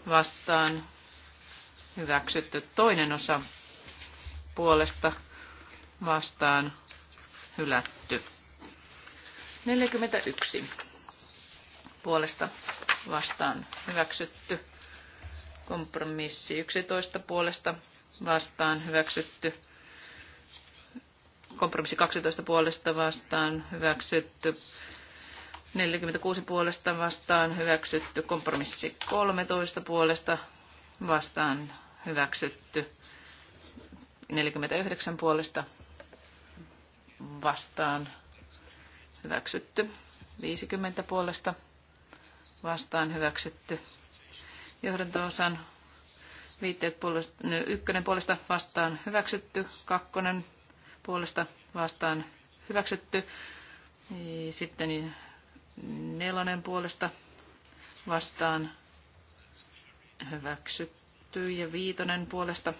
vastaan hyväksytty. Toinen osa puolesta vastaan hylätty. 41 puolesta vastaan hyväksytty. Kompromissi 11 puolesta vastaan hyväksytty. Kompromissi 12 puolesta vastaan hyväksytty. 46 puolesta vastaan hyväksytty. Kompromissi 13 puolesta vastaan hyväksytty. 49 puolesta vastaan hyväksytty. 50 puolesta vastaan hyväksytty. Johdantoosan viitteet puolesta, no, ykkönen puolesta vastaan hyväksytty, kakkonen puolesta vastaan hyväksytty. Sitten nelonen puolesta vastaan hyväksytty ja viitonen puolesta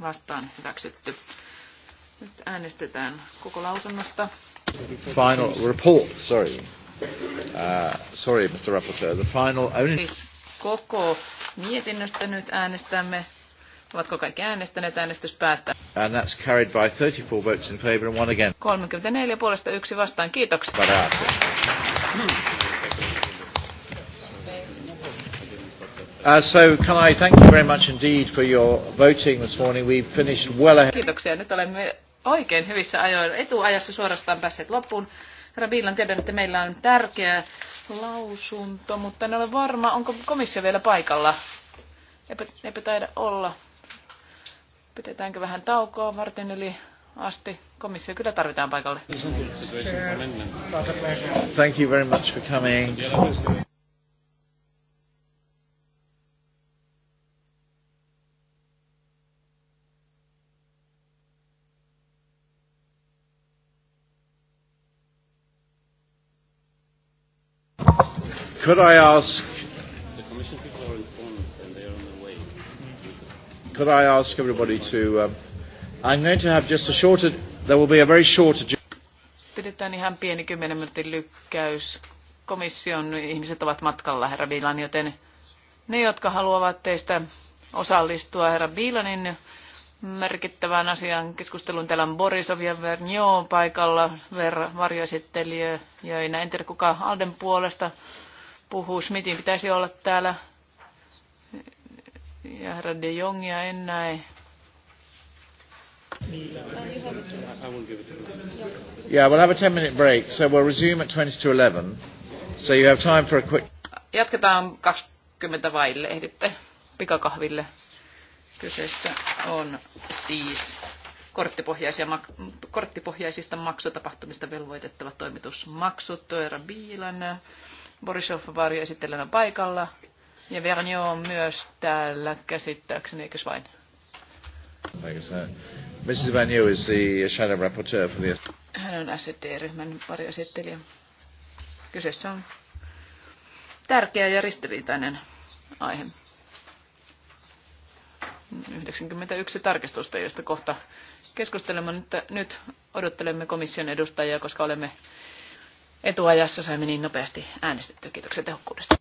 vastaan hyväksytty. Nyt äänestetään koko lausunnosta.
Final report, sorry. Uh, sorry, Mr. Rapporteur. The final only... Siis
koko mietinnöstä nyt äänestämme. Ovatko kaikki äänestäneet? Äänestys päättää.
And that's carried by 34 votes in favor and one again.
34 puolesta yksi vastaan. Kiitoksia. Uh,
Uh, so can I thank you very much indeed for your voting this morning. We finished well ahead.
Kiitoksia. Nyt olemme oikein hyvissä ajoin etuajassa suorastaan päässeet loppuun. Herra Biilan, tiedän, että meillä on tärkeä lausunto, mutta en ole varma, onko komissio vielä paikalla. Eipä, eipä taida olla. Pidetäänkö vähän taukoa varten yli asti? komissio kyllä tarvitaan paikalle.
Thank you very much for coming. Could I ask could I ask everybody to? Um, I'm going to have just a shorter There will be a very short...
Pidetään ihan pieni 10 minuutin lykkäys. Komission ihmiset ovat matkalla, herra Bilan, joten ne, jotka haluavat teistä osallistua herra Bilanin merkittävään asian keskusteluun. Täällä on Borisov ja Vernion paikalla ver- varjoesittelijöinä. En tiedä, kuka Alden puolesta puhuu. Smithin pitäisi olla täällä. Ja herra de Jongia en näe.
Yeah, we'll have a 10 minute break, so we'll resume at 20 to 11. So you have time for a quick...
Jatketaan 20 vaille, ehditte pikakahville. Kyseessä on siis korttipohjaisia, mak- korttipohjaisista maksutapahtumista velvoitettavat toimitusmaksut. Toera Biilan, Borisov Varjo esittelemään paikalla. Ja Vernio on myös täällä käsittääkseni, eikös vain?
Eikö Mrs. Van Yu is the shadow rapporteur for the...
Hän on SED-ryhmän varjoesittelijä. Kyseessä on tärkeä ja ristiriitainen aihe. 91 tarkistusta, joista kohta keskustelemme. Nyt, nyt odottelemme komission edustajia, koska olemme etuajassa. Saimme niin nopeasti äänestettyä. Kiitoksia tehokkuudesta.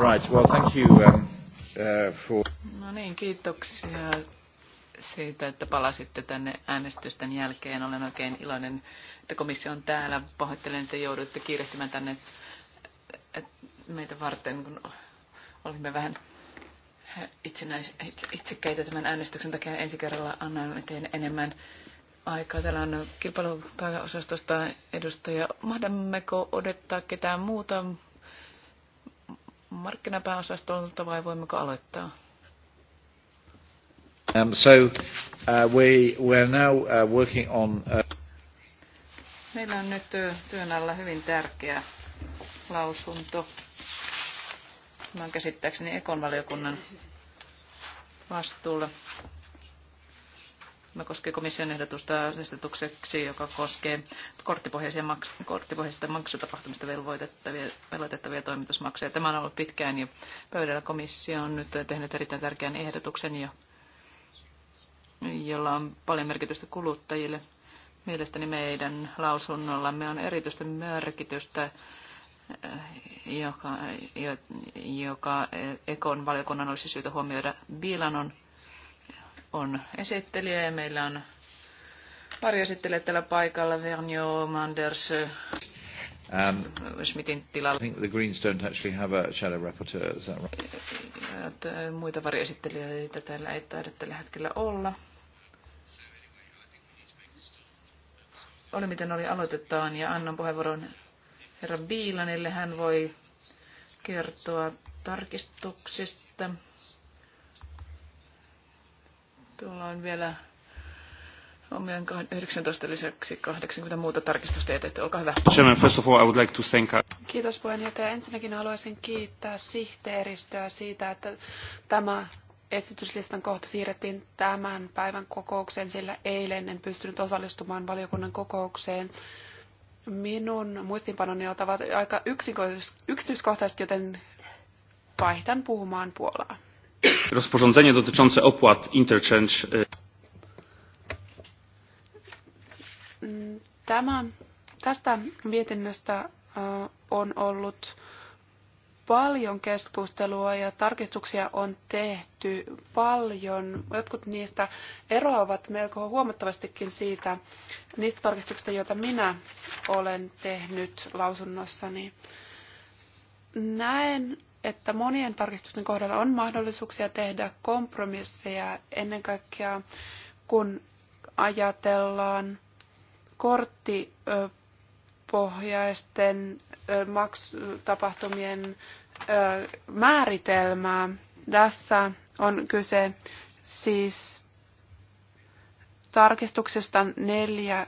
Right, well thank you um, uh, for...
No niin, kiitoksia siitä, että palasitte tänne äänestysten jälkeen. Olen oikein iloinen, että komissio on täällä. Pahoittelen, että joudutte kiirehtimään tänne meitä varten, kun olimme vähän itsenäis, itse, itsekkäitä tämän äänestyksen takia. Ensi kerralla annan eteen enemmän aikaa. Täällä on kilpailupääosastosta edustaja. Mahdammeko odottaa ketään muuta markkinapääosastolta vai voimmeko aloittaa?
Um, so uh, we, we are now uh, working on... Uh...
Meillä on nyt uh, työn alla hyvin tärkeä lausunto. Mä käsittääkseni ekonvaliokunnan vastuulla. Tämä koskee komission ehdotusta asetukseksi, joka koskee korttipohjaisista maksutapahtumista velvoitettavia, velvoitettavia toimitusmaksuja. Tämä on ollut pitkään jo pöydällä. Komissio on nyt tehnyt erittäin tärkeän ehdotuksen, jo, jolla on paljon merkitystä kuluttajille. Mielestäni meidän lausunnollamme on erityistä merkitystä eh, joka, joka Ekon valiokunnan olisi syytä huomioida. Bilanon on esittelijä ja meillä on pari esittelijä tällä paikalla, Vernio, Manders,
Um, Schmidtin tilalla. I think the Greens don't actually have a shadow rapporteur, is that
right? Äh, muita varjoesittelijöitä täällä ei taida tällä hetkellä olla. Oli miten oli, aloitetaan ja annan puheenvuoron herra Biilanille. Hän voi kertoa tarkistuksista. Tuolla on vielä omien 19 lisäksi 80 muuta tarkistusta jätetty. Olkaa hyvä. Chairman, first of all, I
would like to thank... Uh, Kiitos puheenjohtaja. Ensinnäkin haluaisin kiittää sihteeristöä siitä, että tämä esityslistan kohta siirrettiin tämän päivän kokoukseen, sillä eilen en pystynyt osallistumaan valiokunnan kokoukseen. Minun muistinpanoni ovat aika yksityiskohtaisesti, joten vaihdan puhumaan Puolaa. Rozporządzenie dotyczące opłat interchange. Tämä, tästä mietinnöstä on ollut paljon keskustelua ja tarkistuksia on tehty paljon. Jotkut niistä eroavat melko huomattavastikin siitä, niistä tarkistuksista, joita minä olen tehnyt lausunnossani. Näen että monien tarkistusten kohdalla on mahdollisuuksia tehdä kompromisseja ennen kaikkea, kun ajatellaan korttipohjaisten maksutapahtumien määritelmää. Tässä on kyse siis tarkistuksesta neljä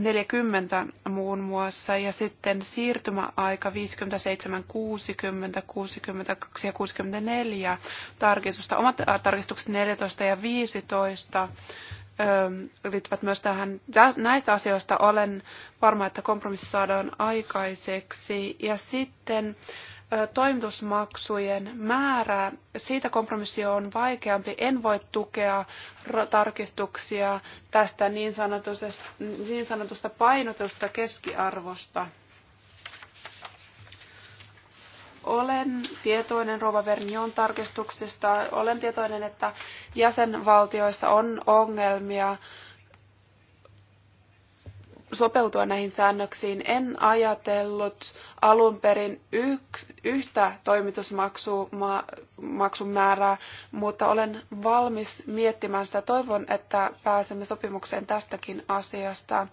40 muun muassa ja sitten siirtymäaika 57, 60, 62 ja 64 tarkistusta. Omat äh, tarkistukset 14 ja 15 ähm, liittyvät myös tähän. Näistä asioista olen varma, että kompromissi saadaan aikaiseksi. Ja sitten toimitusmaksujen määrää. Siitä kompromissi on vaikeampi. En voi tukea tarkistuksia tästä niin sanotusta, niin sanotusta painotusta keskiarvosta. Olen tietoinen Rova Vernion tarkistuksista. Olen tietoinen, että jäsenvaltioissa on ongelmia sopeutua näihin säännöksiin. En ajatellut alun perin yks, yhtä toimitusmaksun määrää, mutta olen valmis miettimään sitä. Toivon, että pääsemme sopimukseen tästäkin asiasta.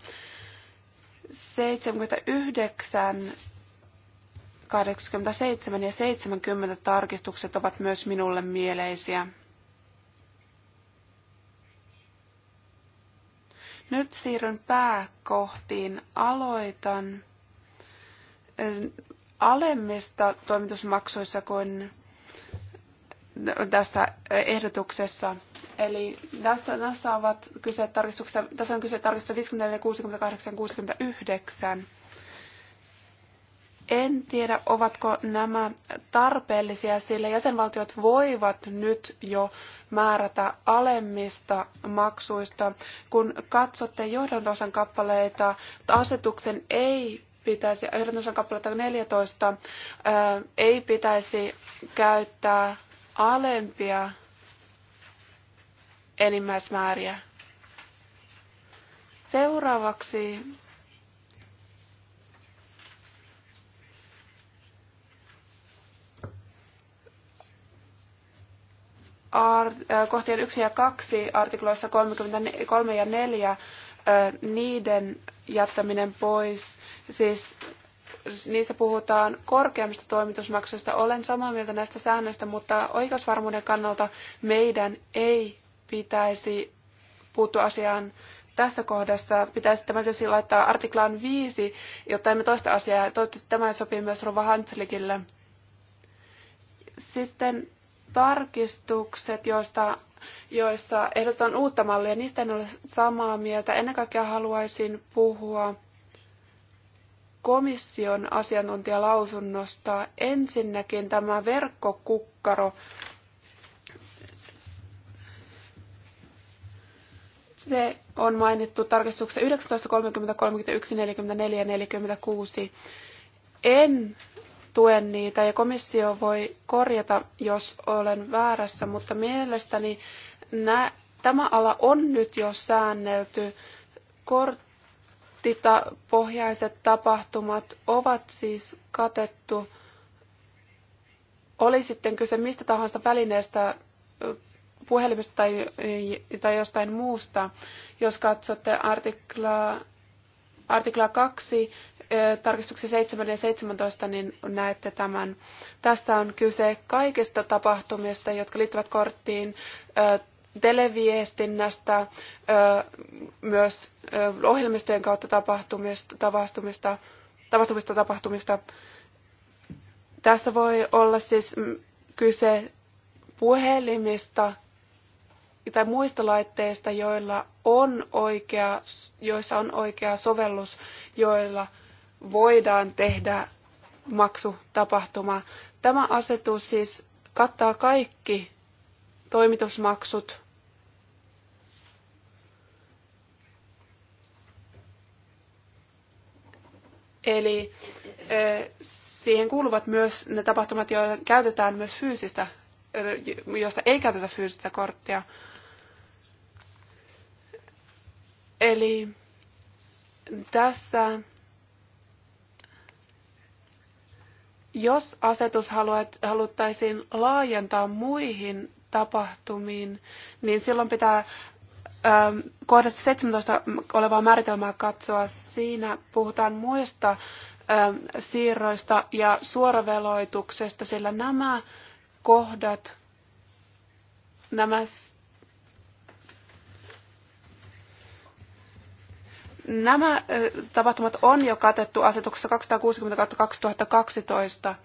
79, 87 ja 70 tarkistukset ovat myös minulle mieleisiä. Nyt siirryn pääkohtiin. Aloitan eh, alemmista toimitusmaksuissa kuin tässä ehdotuksessa. Eli tässä, tässä, ovat kyse tarkistuksesta, tässä on kyse tarkistuksesta 54, 68, 69. En tiedä, ovatko nämä tarpeellisia, sillä jäsenvaltiot voivat nyt jo määrätä alemmista maksuista. Kun katsotte johdantosan kappaleita, asetuksen ei pitäisi, johdantosan kappaletta 14, ää, ei pitäisi käyttää alempia enimmäismääriä. Seuraavaksi kohtien 1 ja 2 artikloissa 33 ja 4 niiden jättäminen pois. Siis niissä puhutaan korkeammista toimitusmaksuista. Olen samaa mieltä näistä säännöistä, mutta oikeusvarmuuden kannalta meidän ei pitäisi puuttua asiaan tässä kohdassa. Pitäisi, tämä pitäisi laittaa artiklaan 5, jotta emme toista asiaa. Toivottavasti tämä sopii myös Rova Hanselikille. Sitten tarkistukset, joista, joissa ehdotan uutta mallia, niistä en ole samaa mieltä. Ennen kaikkea haluaisin puhua komission asiantuntijalausunnosta. Ensinnäkin tämä verkkokukkaro. Se on mainittu tarkistuksessa 19, En tuen niitä ja komissio voi korjata, jos olen väärässä, mutta mielestäni nä, tämä ala on nyt jo säännelty. Korttipohjaiset tapahtumat ovat siis katettu, oli sitten kyse mistä tahansa välineestä, puhelimesta tai, tai jostain muusta. Jos katsotte artiklaa artikla 2, tarkistuksen 7 ja 17, niin näette tämän. Tässä on kyse kaikista tapahtumista, jotka liittyvät korttiin, televiestinnästä, myös ohjelmistojen kautta tapahtumista, tapahtumista, tapahtumista, tapahtumista. Tässä voi olla siis mm, kyse puhelimista tai muista laitteista, joilla on oikea, joissa on oikea sovellus, joilla – voidaan tehdä maksutapahtuma. Tämä asetus siis kattaa kaikki toimitusmaksut. Eli siihen kuuluvat myös ne tapahtumat, joilla käytetään myös fyysistä, jossa ei käytetä fyysistä korttia. Eli tässä Jos asetus haluttaisiin laajentaa muihin tapahtumiin, niin silloin pitää ähm, kohdassa 17 olevaa määritelmää katsoa. Siinä puhutaan muista ähm, siirroista ja suoraveloituksesta, sillä nämä kohdat, nämä Nämä tapahtumat on jo katettu asetuksessa 260-2012.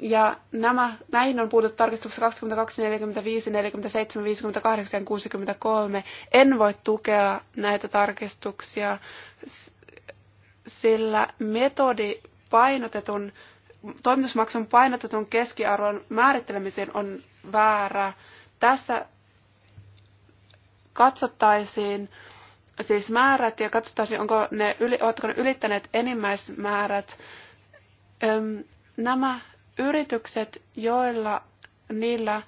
Ja nämä, näihin on puhuttu tarkistuksessa 22, 45, 47, 58 ja 63. En voi tukea näitä tarkistuksia, sillä metodi painotetun, toimitusmaksun painotetun keskiarvon määrittelemiseen on väärä. Tässä katsottaisiin siis määrät ja katsotaan, siis onko ne, ovatko ne ylittäneet enimmäismäärät. nämä yritykset, joilla niillä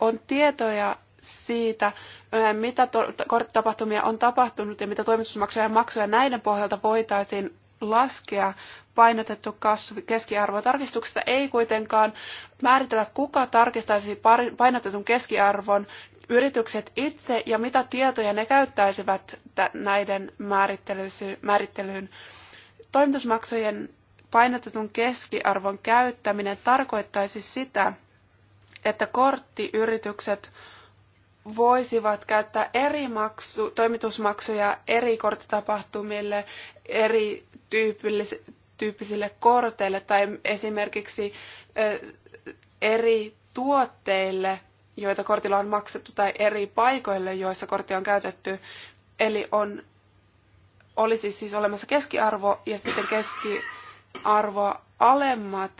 on tietoja siitä, mitä korttitapahtumia on tapahtunut ja mitä toimitusmaksuja ja maksuja näiden pohjalta voitaisiin laskea. Painotettu kasvu keskiarvo tarkistuksessa ei kuitenkaan määritellä, kuka tarkistaisi painotetun keskiarvon yritykset itse ja mitä tietoja ne käyttäisivät näiden määrittelyyn. Toimitusmaksujen painotetun keskiarvon käyttäminen tarkoittaisi sitä, että korttiyritykset voisivat käyttää eri maksu, toimitusmaksuja eri korttitapahtumille, eri tyyppisille korteille tai esimerkiksi eri tuotteille joita kortilla on maksettu, tai eri paikoille, joissa korttia on käytetty. Eli on, olisi siis olemassa keskiarvo ja sitten keskiarvo alemmat,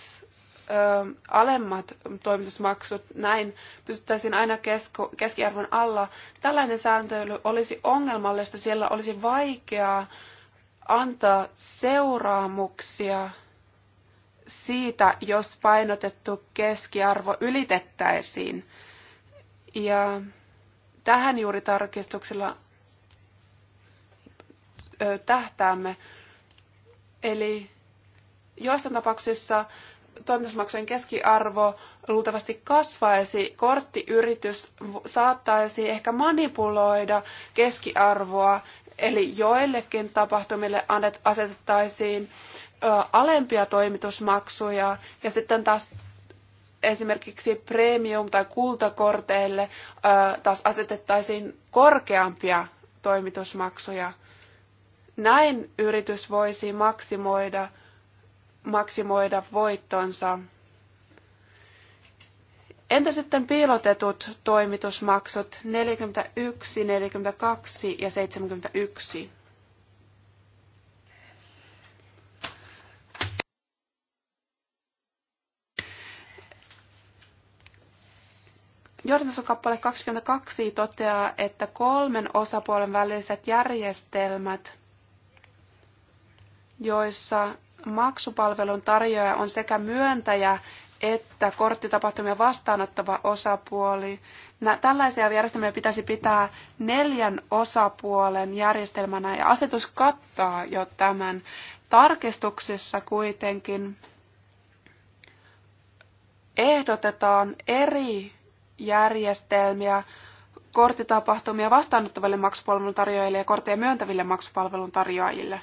ö, alemmat toimitusmaksut. Näin pystyttäisiin aina kesko, keskiarvon alla. Tällainen sääntely olisi ongelmallista, siellä olisi vaikeaa antaa seuraamuksia siitä, jos painotettu keskiarvo ylitettäisiin. Ja tähän juuri tarkistuksella tähtäämme. Eli joissain tapauksissa toimitusmaksujen keskiarvo luultavasti kasvaisi, korttiyritys saattaisi ehkä manipuloida keskiarvoa, eli joillekin tapahtumille asetettaisiin alempia toimitusmaksuja ja sitten taas esimerkiksi premium- tai kultakorteille taas asetettaisiin korkeampia toimitusmaksuja. Näin yritys voisi maksimoida, maksimoida voittonsa. Entä sitten piilotetut toimitusmaksut 41, 42 ja 71? kappale 22 toteaa, että kolmen osapuolen väliset järjestelmät, joissa maksupalvelun tarjoaja on sekä myöntäjä että korttitapahtumia vastaanottava osapuoli. Nä, tällaisia järjestelmiä pitäisi pitää neljän osapuolen järjestelmänä ja asetus kattaa jo tämän. tarkistuksessa kuitenkin ehdotetaan eri järjestelmiä, korttitapahtumia vastaanottaville maksupalvelun tarjoajille ja kortteja myöntäville maksupalvelun tarjoajille.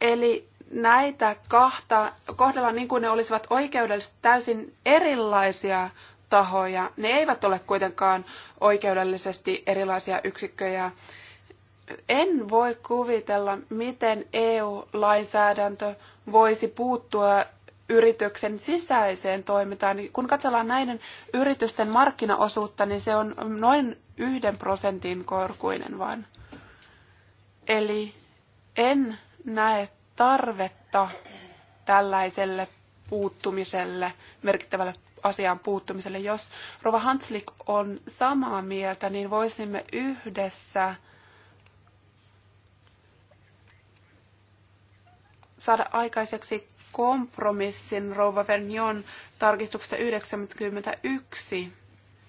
Eli näitä kahta kohdella niin kuin ne olisivat oikeudellisesti täysin erilaisia tahoja. Ne eivät ole kuitenkaan oikeudellisesti erilaisia yksikköjä. En voi kuvitella, miten EU-lainsäädäntö voisi puuttua yrityksen sisäiseen toimintaan. Kun katsellaan näiden yritysten markkinaosuutta, niin se on noin yhden prosentin korkuinen vaan. Eli en näe tarvetta tällaiselle puuttumiselle, merkittävälle asiaan puuttumiselle. Jos Rova Hanslik on samaa mieltä, niin voisimme yhdessä saada aikaiseksi kompromissin Rouva Vernion tarkistuksesta 91.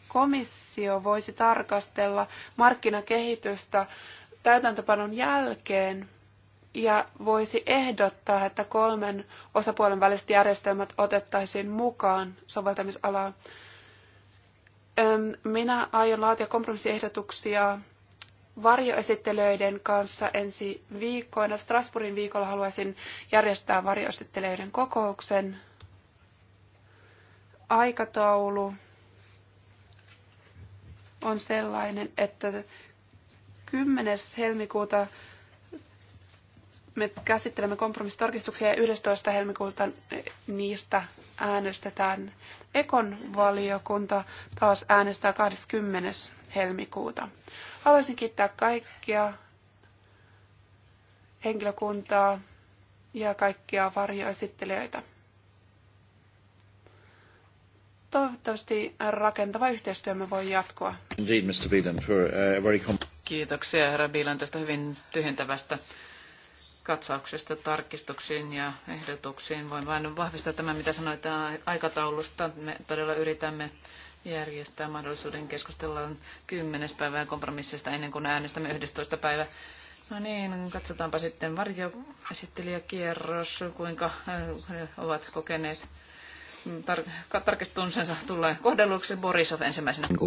Komissio voisi tarkastella markkinakehitystä täytäntöpanon jälkeen ja voisi ehdottaa, että kolmen osapuolen väliset järjestelmät otettaisiin mukaan soveltamisalaan. Minä aion laatia kompromissiehdotuksia varjoesittelijöiden kanssa ensi viikkoina. Strasbourgin viikolla haluaisin järjestää varjoesittelijöiden kokouksen. Aikataulu on sellainen, että 10. helmikuuta me käsittelemme kompromissitarkistuksia ja 11. helmikuuta niistä äänestetään. Ekon valiokunta taas äänestää 20. helmikuuta. Haluaisin kiittää kaikkia henkilökuntaa ja kaikkia varjoesittelijöitä. Toivottavasti rakentava yhteistyömme voi jatkua.
Indeed, Mr. Bielan, for uh, a very
Kiitoksia, herra Bielan, tästä hyvin tyhjentävästä katsauksesta tarkistuksiin ja ehdotuksiin. Voin vain vahvistaa tämän, mitä sanoit aikataulusta. Me todella yritämme järjestää mahdollisuuden keskustella 10. päivää kompromissista ennen kuin äänestämme 11. päivä. No niin, katsotaanpa sitten varjoesittelijäkierros, kuinka he äh, ovat kokeneet tar- tarkistunsensa tulee kohdelluksi. Borisov ensimmäisenä. Niin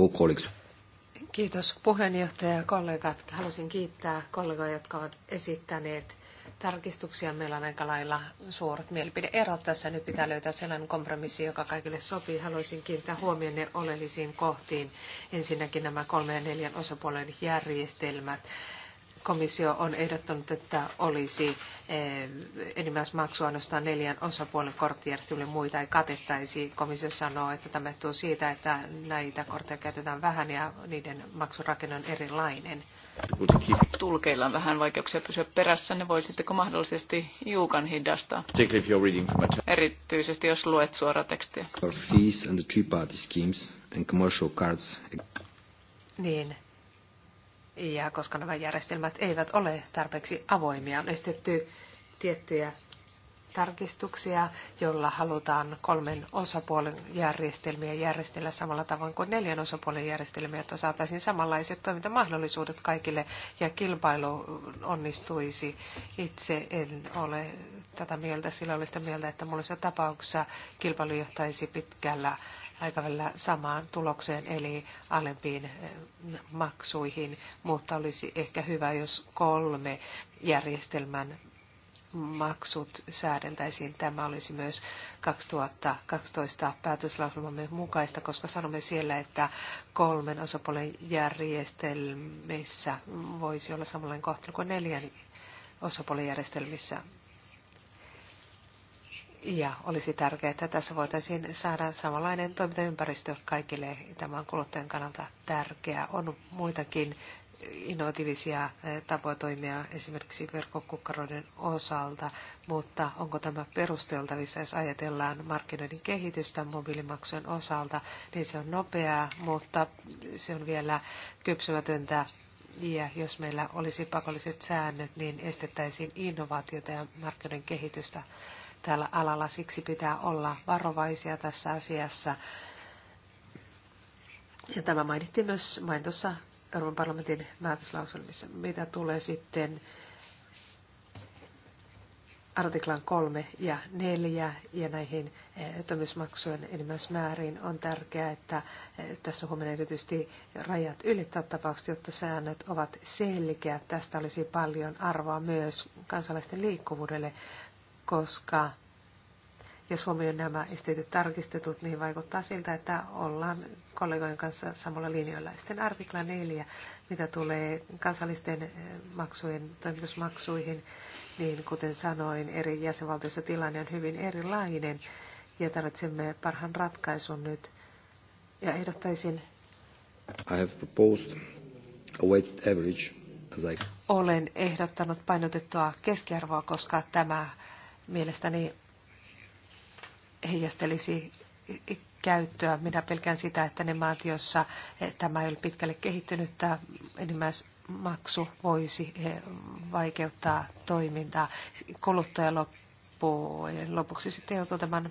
Kiitos puheenjohtaja ja kollegat. Haluaisin kiittää kollegoja, jotka ovat esittäneet tarkistuksia. Meillä on aika lailla suuret mielipideerot tässä. Nyt pitää löytää sellainen kompromissi, joka kaikille sopii. Haluaisin kiinnittää ne oleellisiin kohtiin. Ensinnäkin nämä kolme ja neljän osapuolen järjestelmät komissio on ehdottanut, että olisi eh, enimmäismaksu ainoastaan neljän osapuolen korttijärjestelmille muita ei katettaisi. Komissio sanoo, että tämä tuo
siitä, että näitä kortteja käytetään vähän ja niiden maksurakenne on erilainen. Tulkeilla on vähän vaikeuksia pysyä perässä, ne voisitteko mahdollisesti hiukan hidastaa? Erityisesti jos luet suoraa tekstiä.
Fees and the schemes and commercial cards.
Niin. Ja koska nämä järjestelmät eivät ole tarpeeksi avoimia, on esitetty tiettyjä tarkistuksia, jolla halutaan kolmen osapuolen järjestelmiä järjestellä samalla tavoin kuin neljän osapuolen järjestelmiä, että saataisiin samanlaiset toimintamahdollisuudet kaikille ja kilpailu onnistuisi. Itse en ole tätä mieltä, sillä olen sitä mieltä, että monessa tapauksessa kilpailu johtaisi pitkällä aikavälillä samaan tulokseen, eli alempiin eh, maksuihin, mutta olisi ehkä hyvä, jos kolme järjestelmän maksut säädeltäisiin. Tämä olisi myös 2012 päätöslauselmamme mukaista, koska sanomme siellä, että kolmen osapuolen järjestelmissä voisi olla samanlainen kohtelu kuin neljän osapuolen järjestelmissä. Ja olisi tärkeää, että tässä voitaisiin saada samanlainen toimintaympäristö kaikille. Tämä on kuluttajan kannalta tärkeää. On muitakin innovatiivisia eh, tapoja toimia esimerkiksi verkkokukkaroiden osalta, mutta onko tämä perusteltavissa, jos ajatellaan markkinoiden kehitystä mobiilimaksujen osalta, niin se on nopeaa, mutta se on vielä kypsymätöntä ja jos meillä olisi pakolliset säännöt, niin estettäisiin innovaatiota ja markkinoiden kehitystä tällä alalla, siksi pitää olla varovaisia tässä asiassa. Ja tämä mainittiin myös mainitussa Euroopan parlamentin määräyslauselmissa, mitä tulee sitten artiklan kolme ja neljä ja näihin eh, työttömyysmaksujen enimmäismääriin on tärkeää, että eh, tässä huomioon erityisesti rajat ylittää tapaukset, jotta säännöt ovat selkeät. Tästä olisi paljon arvoa myös kansalaisten liikkuvuudelle koska jos huomioon nämä esteetyt tarkistetut, niin vaikuttaa siltä, että ollaan kollegojen kanssa samalla linjoilla. Sitten artikla 4, mitä tulee kansallisten eh, maksujen, toimitusmaksuihin, niin kuten sanoin, eri jäsenvaltioissa tilanne on hyvin erilainen ja tarvitsemme parhaan ratkaisun nyt. Ja ehdottaisin...
I have proposed a weighted average, as I...
Olen ehdottanut painotettua keskiarvoa, koska tämä mielestäni heijastelisi käyttöä. Minä pelkään sitä, että ne maat, joissa eh, tämä ei ole pitkälle kehittynyt, tämä enimmäismaksu voisi eh, vaikeuttaa toimintaa. Kuluttaja lopuksi sitten joutuu tämän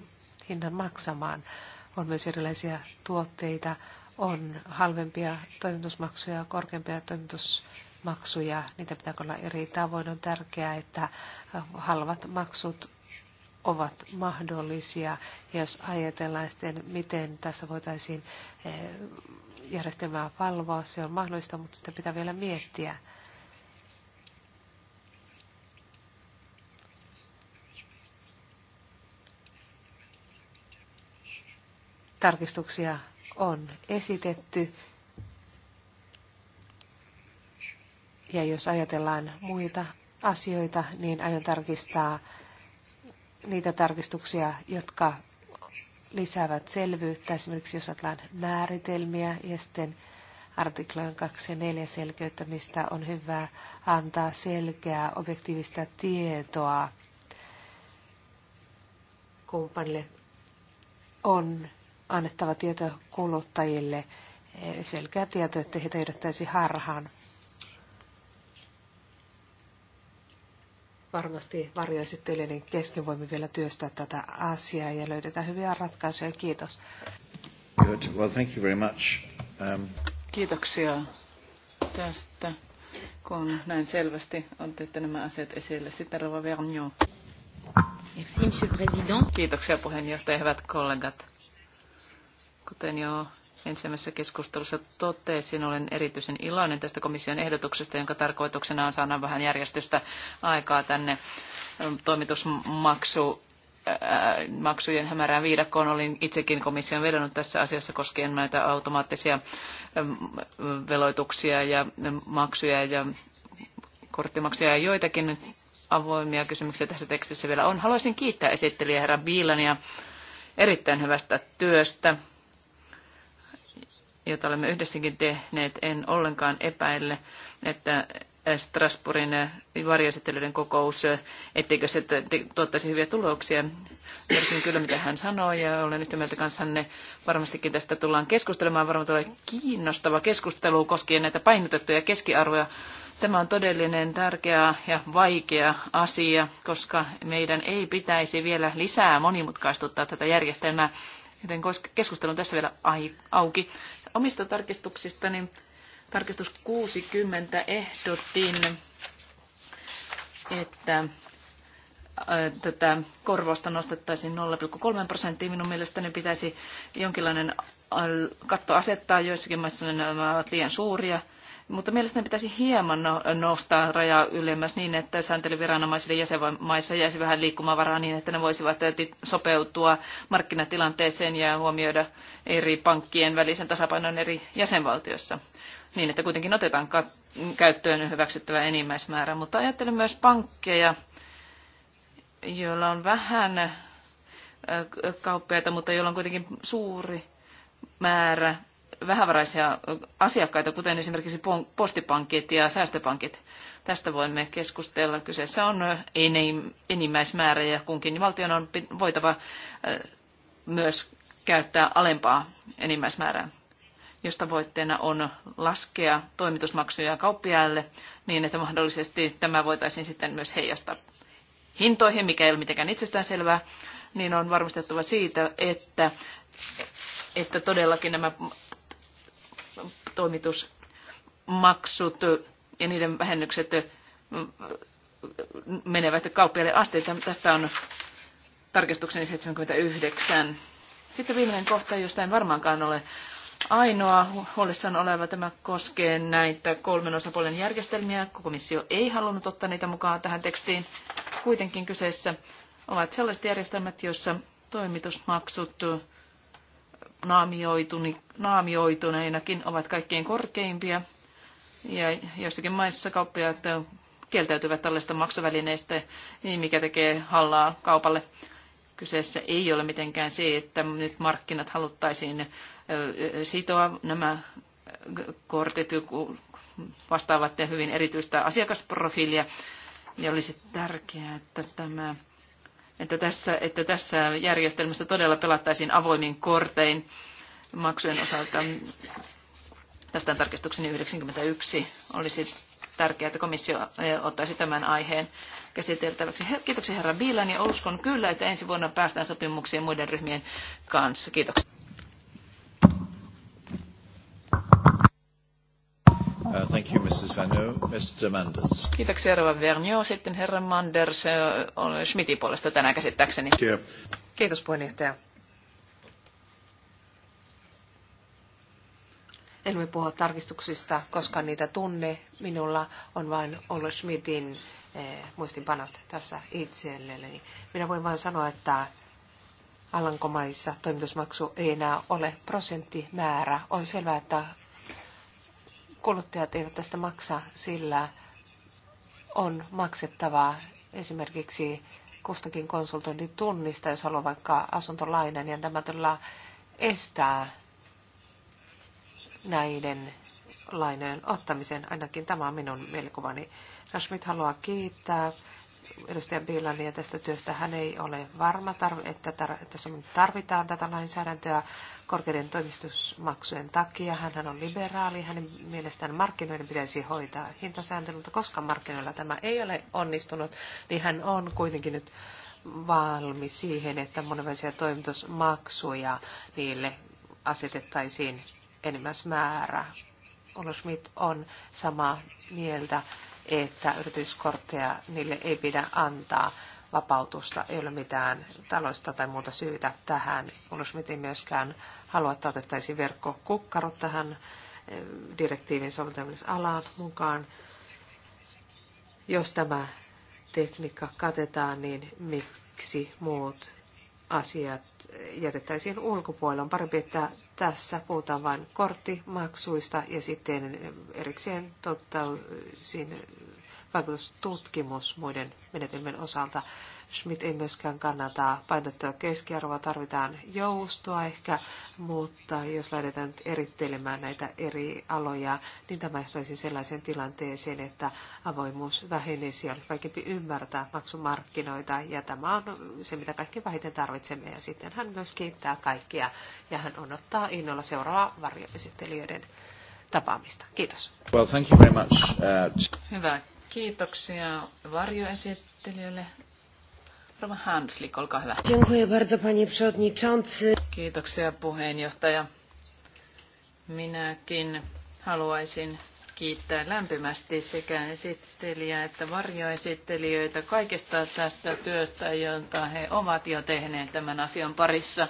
hinnan maksamaan. On myös erilaisia tuotteita, on halvempia toimitusmaksuja, korkeampia toimitusmaksuja maksuja, niitä pitää olla eri tavoin. On tärkeää, että halvat maksut ovat mahdollisia. Ja jos ajatellaan sitten, miten tässä voitaisiin eh, järjestelmää valvoa, se on mahdollista, mutta sitä pitää vielä miettiä. Tarkistuksia on esitetty Ja jos ajatellaan muita asioita, niin aion tarkistaa niitä tarkistuksia, jotka lisäävät selvyyttä, esimerkiksi jos ajatellaan määritelmiä ja sitten artiklojen 2 ja 4 selkeyttämistä on hyvä antaa selkeää objektiivista tietoa kumppanille. On annettava tieto kuluttajille selkeä tieto, ettei heitä johdettaisi harhaan. varmasti varjoesittelijöiden kesken voimme vielä työstää tätä asiaa ja löydetään hyviä ratkaisuja. Kiitos.
Good. Well, thank you very much. Um...
Kiitoksia tästä, kun näin selvästi otette nämä asiat esille. Sitten Rova Vernion. Merci, Kiitoksia puheenjohtaja, hyvät kollegat. Kuten jo ensimmäisessä keskustelussa totesin, olen erityisen iloinen tästä komission ehdotuksesta, jonka tarkoituksena on saada vähän järjestystä aikaa tänne toimitusmaksu äh, maksujen hämärään viidakkoon. Olin itsekin komission vedonnut tässä asiassa koskien näitä automaattisia ähm, veloituksia ja maksuja ja korttimaksuja ja joitakin avoimia kysymyksiä tässä tekstissä vielä on. Haluaisin kiittää esittelijä herra Biilania erittäin hyvästä työstä jota olemme yhdessäkin tehneet, en ollenkaan epäile, että Strasbourgin varjoesittelyiden kokous, etteikö se tuottaisi hyviä tuloksia. varsinkin kyllä, mitä hän sanoi, ja olen yhtä mieltä kanssanne. Varmastikin tästä tullaan keskustelemaan. Varmaan tulee kiinnostava keskustelu koskien näitä painotettuja keskiarvoja. Tämä on todellinen tärkeä ja vaikea asia, koska meidän ei pitäisi vielä lisää monimutkaistuttaa tätä järjestelmää joten keskustelu on tässä vielä auki. Omista tarkistuksista, niin tarkistus 60 ehdotin, että tätä korvausta nostettaisiin 0,3 prosenttia. Minun mielestäni pitäisi jonkinlainen katto asettaa. Joissakin maissa nämä ovat liian suuria mutta mielestäni pitäisi hieman no-, nostaa rajaa ylemmäs niin, että sääntelyviranomaisille jäsenmaissa jäisi vähän liikkumavaraa niin, että ne voisivat sopeutua markkinatilanteeseen ja huomioida eri pankkien välisen tasapainon eri jäsenvaltioissa niin, että kuitenkin otetaan käyttöön hyväksyttävä enimmäismäärä. Mutta ajattelen myös pankkeja, joilla on vähän kauppiaita, mutta joilla on kuitenkin suuri määrä vähävaraisia asiakkaita, kuten esimerkiksi postipankit ja säästöpankit. Tästä voimme keskustella. Kyseessä on enimmäismäärä ja kunkin valtion on voitava myös käyttää alempaa enimmäismäärää, jos tavoitteena on laskea toimitusmaksuja kauppiaille niin, että mahdollisesti tämä voitaisiin sitten myös heijastaa hintoihin, mikä ei ole mitenkään itsestäänselvää, niin on varmistettava siitä, että, että todellakin nämä toimitusmaksut ja niiden vähennykset menevät kauppiaille asti. Tästä on tarkistuksen 79. Sitten viimeinen kohta, josta en varmaankaan ole ainoa huolissaan oleva. Tämä koskee näitä kolmen osapuolen järjestelmiä. Komissio ei halunnut ottaa niitä mukaan tähän tekstiin. Kuitenkin kyseessä ovat sellaiset järjestelmät, joissa toimitusmaksut naamioituneinakin ovat kaikkein korkeimpia. Ja joissakin maissa kauppiaat kieltäytyvät tällaista maksavälineistä, niin mikä tekee hallaa kaupalle. Kyseessä ei ole mitenkään se, että nyt markkinat haluttaisiin sitoa nämä kortit vastaavat hyvin erityistä asiakasprofiilia. Ja olisi tärkeää, että tämä että tässä, että tässä järjestelmässä todella pelattaisiin avoimin kortein maksujen osalta. Tästä on 91. Olisi tärkeää, että komissio eh, ottaisi tämän aiheen käsiteltäväksi. Kiitoksia herra Biilan ja uskon kyllä, että ensi vuonna päästään sopimuksiin muiden ryhmien kanssa. Kiitoksia.
Uh, thank you, Mr. Manders.
Kiitoksia, Rova Vernio. Sitten herra Manders äh, on Schmidtin puolesta tänään käsittääkseni. Kiitos, Kiitos puheenjohtaja.
En voi puhua tarkistuksista, koska niitä tunne. Minulla on vain ollut Schmidtin äh, muistinpanot tässä itselleni. Minä voin vain sanoa, että Alankomaissa toimitusmaksu ei enää ole prosenttimäärä. On selvää, että kuluttajat eivät tästä maksa, sillä on maksettavaa esimerkiksi kustakin konsultointin tunnista, jos haluaa vaikka asuntolainan, ja tämä todella estää näiden lainojen ottamisen. Ainakin tämä on minun mielikuvani. Rashmit haluaa kiittää edustaja Bilalia tästä työstä. Hän ei ole varma, että tarvitaan tätä lainsäädäntöä korkeiden toimistusmaksujen takia. Hän on liberaali. Hänen mielestään markkinoiden pitäisi hoitaa hintasääntely, mutta koska markkinoilla tämä ei ole onnistunut, niin hän on kuitenkin nyt valmis siihen, että monenlaisia toimitusmaksuja niille asetettaisiin enimmäismäärä. Olo Schmidt on samaa mieltä että yrityskortteja niille ei pidä antaa vapautusta, ei ole mitään taloista tai muuta syytä tähän. Ulosmit ei myöskään halua, että otettaisiin verkkokukkarot tähän eh, direktiivin soveltamisalaan mukaan. Jos tämä tekniikka katetaan, niin miksi muut asiat jätettäisiin ulkopuolelle. On parempi, että tässä puhutaan vain korttimaksuista ja sitten erikseen tottaisin vaikutustutkimus muiden menetelmien osalta. Schmidt ei myöskään kannata painottaa keskiarvoa, tarvitaan joustoa ehkä, mutta jos lähdetään nyt erittelemään näitä eri aloja, niin tämä johtaisi sellaiseen tilanteeseen, että avoimuus vähenisi ja olisi vaikeampi ymmärtää maksumarkkinoita, ja tämä on se, mitä kaikki vähiten tarvitsemme, ja sitten hän myös kiittää kaikkia ja hän ottaa innolla seuraavaa
varjoesittelijöiden tapaamista. Kiitos.
Well,
thank you very much. Uh...
Hyvä. Kiitoksia varjoesittelijöille. Rova Hanslik, olkaa hyvä. Dziękuję bardzo,
panie przewodniczący.
Kiitoksia puheenjohtaja. Minäkin haluaisin kiittää lämpimästi sekä esittelijää että varjoesittelijöitä kaikesta tästä työstä, jota he ovat jo tehneet tämän asian parissa.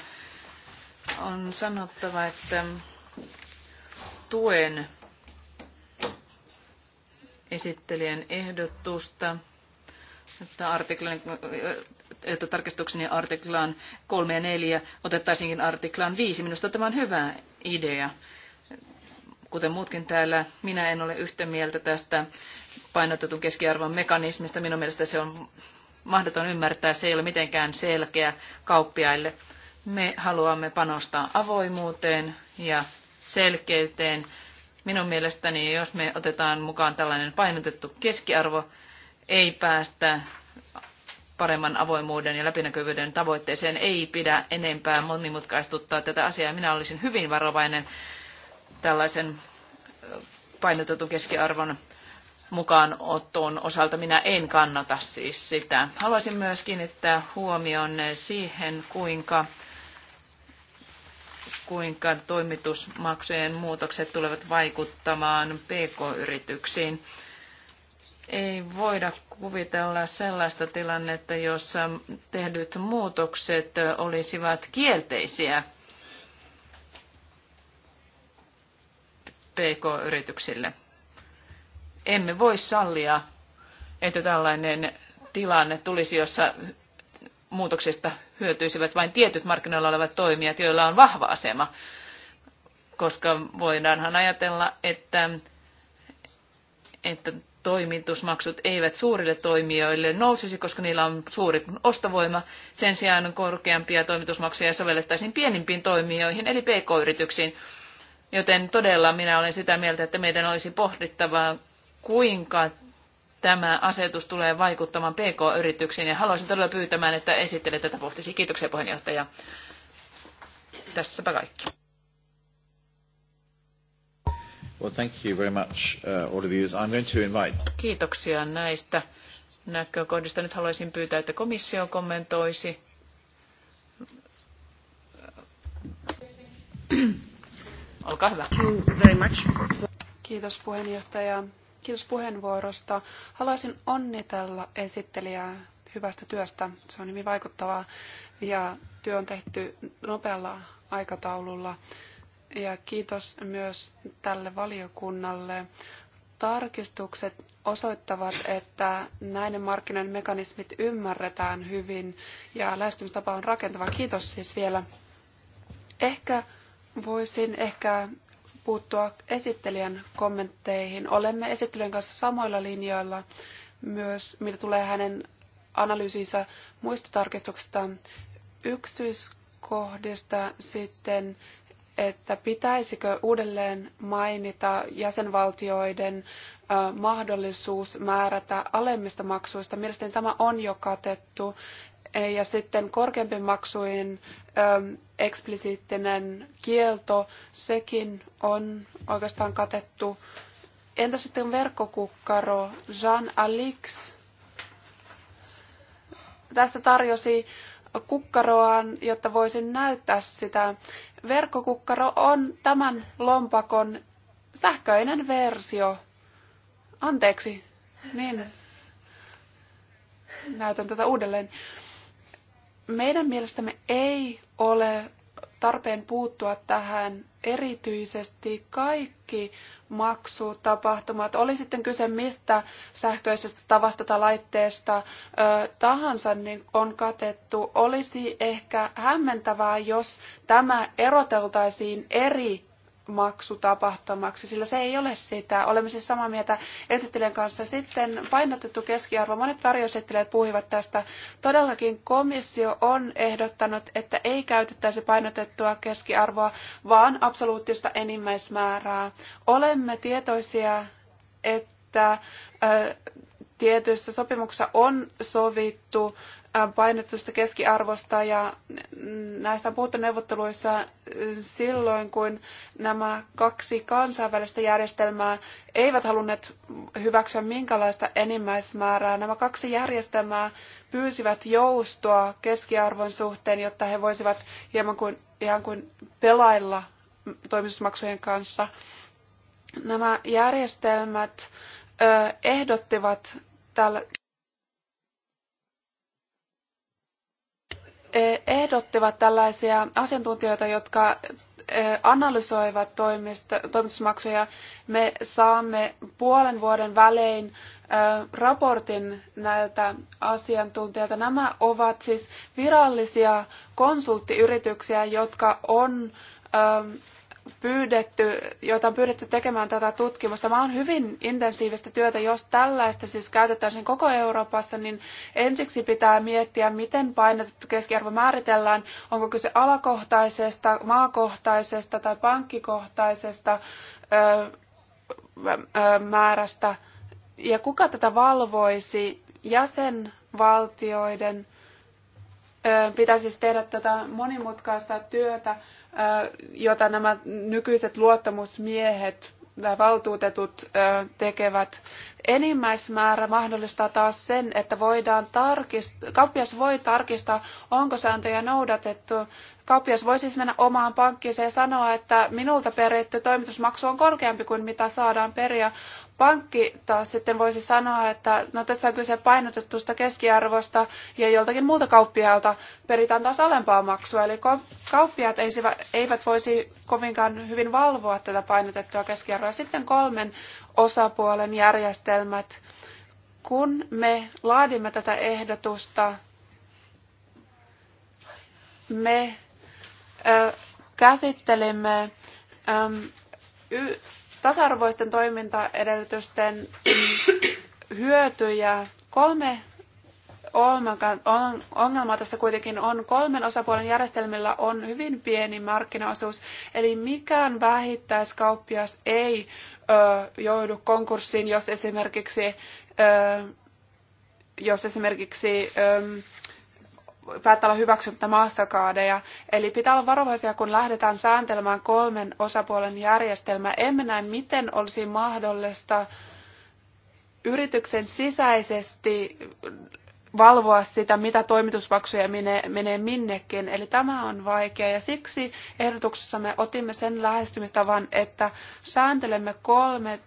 On sanottava, että tuen esittelijän ehdotusta, että, artiklan, että tarkistukseni artiklaan 3 ja 4 otettaisiinkin artiklaan 5. Minusta tämä on hyvä idea. Kuten muutkin täällä, minä en ole yhtä mieltä tästä painotetun keskiarvon mekanismista. Minun mielestä se on mahdoton ymmärtää, se ei ole mitenkään selkeä kauppiaille. Me haluamme panostaa avoimuuteen ja selkeyteen. Minun mielestäni, jos me otetaan mukaan tällainen painotettu keskiarvo, ei päästä paremman avoimuuden ja läpinäkyvyyden tavoitteeseen ei pidä enempää monimutkaistuttaa tätä asiaa. Minä olisin hyvin varovainen tällaisen painotetun keskiarvon mukaan ottoon osalta minä en kannata siis sitä. Haluaisin myös kiinnittää huomion siihen, kuinka, kuinka toimitusmaksujen muutokset tulevat vaikuttamaan pk-yrityksiin. Ei voida kuvitella sellaista tilannetta, jossa tehdyt muutokset olisivat kielteisiä PK-yrityksille. Emme voi sallia, että tällainen tilanne tulisi, jossa muutoksesta hyötyisivät vain tietyt markkinoilla olevat toimijat, joilla on vahva asema, koska voidaanhan ajatella, että, että toimitusmaksut eivät suurille toimijoille nousisi, koska niillä on suuri ostovoima. Sen sijaan korkeampia toimitusmaksuja sovellettaisiin pienimpiin toimijoihin, eli pk-yrityksiin. Joten todella minä olen sitä mieltä, että meidän olisi pohdittava, kuinka tämä asetus tulee vaikuttamaan PK-yrityksiin. Ja haluaisin todella pyytämään, että esittelee tätä pohtisi. Kiitoksia puheenjohtaja. Tässäpä kaikki.
Well, thank you very much, uh, all of you. I'm going to invite...
Kiitoksia näistä näkökohdista. Nyt haluaisin pyytää, että komissio kommentoisi. Olkaa hyvä. Very much.
Kiitos puheenjohtaja. Kiitos puheenvuorosta. Haluaisin onnitella esittelijää hyvästä työstä. Se on hyvin vaikuttavaa ja työ on tehty nopealla aikataululla. Ja kiitos myös tälle valiokunnalle. Tarkistukset osoittavat, että näiden markkinoiden mekanismit ymmärretään hyvin ja lähestymistapa on rakentava. Kiitos siis vielä. Ehkä Voisin ehkä puuttua esittelijän kommentteihin. Olemme esittelijän kanssa samoilla linjoilla myös, mitä tulee hänen analyysinsä muista tarkistuksista yksityiskohdista sitten, että pitäisikö uudelleen mainita jäsenvaltioiden mahdollisuus määrätä alemmista maksuista. Mielestäni tämä on jo katettu ja sitten korkeampi maksujen ähm, eksplisiittinen kielto, sekin on oikeastaan katettu. Entä sitten verkkokukkaro Jean Alix? Tässä tarjosi kukkaroaan, jotta voisin näyttää sitä. Verkkokukkaro on tämän lompakon sähköinen versio. Anteeksi. Niin. Näytän tätä uudelleen. Meidän mielestämme ei ole tarpeen puuttua tähän erityisesti kaikki maksutapahtumat, oli sitten kyse mistä sähköisestä tavasta tai laitteesta ö, tahansa, niin on katettu. Olisi ehkä hämmentävää, jos tämä eroteltaisiin eri maksutapahtumaksi, sillä se ei ole sitä. Olemme siis samaa mieltä esittelijän kanssa. Sitten painotettu keskiarvo. Monet varjoesittelijät puhuivat tästä. Todellakin komissio on ehdottanut, että ei käytettäisi painotettua keskiarvoa, vaan absoluuttista enimmäismäärää. Olemme tietoisia, että tietyissä sopimuksissa on sovittu painetusta keskiarvosta ja näistä on puhuttu neuvotteluissa silloin, kun nämä kaksi kansainvälistä järjestelmää eivät halunneet hyväksyä minkälaista enimmäismäärää. Nämä kaksi järjestelmää pyysivät joustoa keskiarvon suhteen, jotta he voisivat hieman kuin, ihan kuin pelailla toimitusmaksujen kanssa. Nämä järjestelmät ehdottivat tällä ehdottivat tällaisia asiantuntijoita, jotka e, analysoivat toimitusmaksuja. Me saamme puolen vuoden välein e, raportin näiltä asiantuntijoilta. Nämä ovat siis virallisia konsulttiyrityksiä, jotka on e, pyydetty, joita on pyydetty tekemään tätä tutkimusta. Mä on hyvin intensiivistä työtä, jos tällaista siis käytettäisiin koko Euroopassa, niin ensiksi pitää miettiä, miten painotettu keskiarvo määritellään, onko kyse alakohtaisesta, maakohtaisesta tai pankkikohtaisesta määrästä, ja kuka tätä valvoisi jäsenvaltioiden pitäisi siis tehdä tätä monimutkaista työtä jota nämä nykyiset luottamusmiehet ja valtuutetut tekevät. Enimmäismäärä mahdollistaa taas sen, että voidaan tarkistaa, kauppias voi tarkistaa, onko sääntöjä noudatettu. Kauppias voi siis mennä omaan pankkiin ja sanoa, että minulta peritty toimitusmaksu on korkeampi kuin mitä saadaan periä. Pankki taas sitten voisi sanoa, että no tässä on kyse painotetusta keskiarvosta ja joltakin muuta kauppialta peritään taas alempaa maksua. Eli kauppiaat eivät voisi kovinkaan hyvin valvoa tätä painotettua keskiarvoa. Sitten kolmen osapuolen järjestelmät. Kun me laadimme tätä ehdotusta, me käsittelimme tasa-arvoisten toimintaedellytysten hyötyjä. Kolme ongelmaa tässä kuitenkin on. Kolmen osapuolen järjestelmillä on hyvin pieni markkinaosuus, eli mikään vähittäiskauppias ei ö, joudu konkurssiin, jos esimerkiksi, ö, jos esimerkiksi ö, päättää olla hyväksymättä massakaadeja. Eli pitää olla varovaisia, kun lähdetään sääntelemään kolmen osapuolen järjestelmää. Emme näe, miten olisi mahdollista yrityksen sisäisesti valvoa sitä, mitä toimitusmaksuja menee, menee minnekin. Eli tämä on vaikea ja siksi ehdotuksessa me otimme sen lähestymistavan, että sääntelemme kolme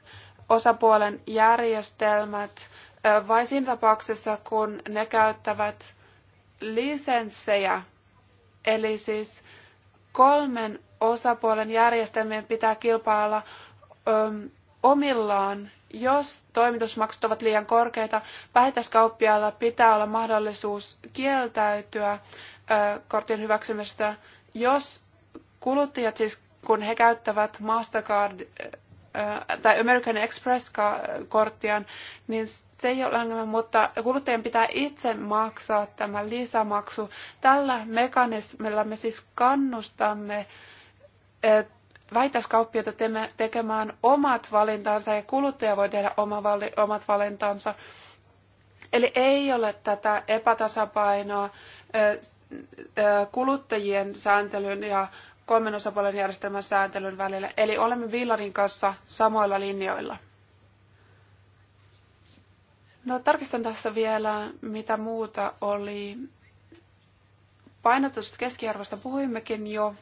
osapuolen järjestelmät vai siinä tapauksessa, kun ne käyttävät lisenssejä, eli siis kolmen osapuolen järjestelmien pitää kilpailla öm, omillaan. Jos toimitusmaksut ovat liian korkeita, vähittäiskauppiailla pitää olla mahdollisuus kieltäytyä ö, kortin hyväksymisestä. Jos kuluttajat siis, kun he käyttävät Mastercard Äh, tai American Express-korttiaan, niin se ei ole ongelma, mutta kuluttajan pitää itse maksaa tämä lisämaksu. Tällä mekanismilla me siis kannustamme väitöskauppiota tekemään omat valintansa ja kuluttaja voi tehdä omat valintansa. Eli ei ole tätä epätasapainoa äh, äh, kuluttajien sääntelyn ja kolmen osapuolen järjestelmän sääntelyn välillä. Eli olemme Villarin kanssa samoilla linjoilla. No tarkistan tässä vielä, mitä muuta oli. Painotus keskiarvosta puhuimmekin jo.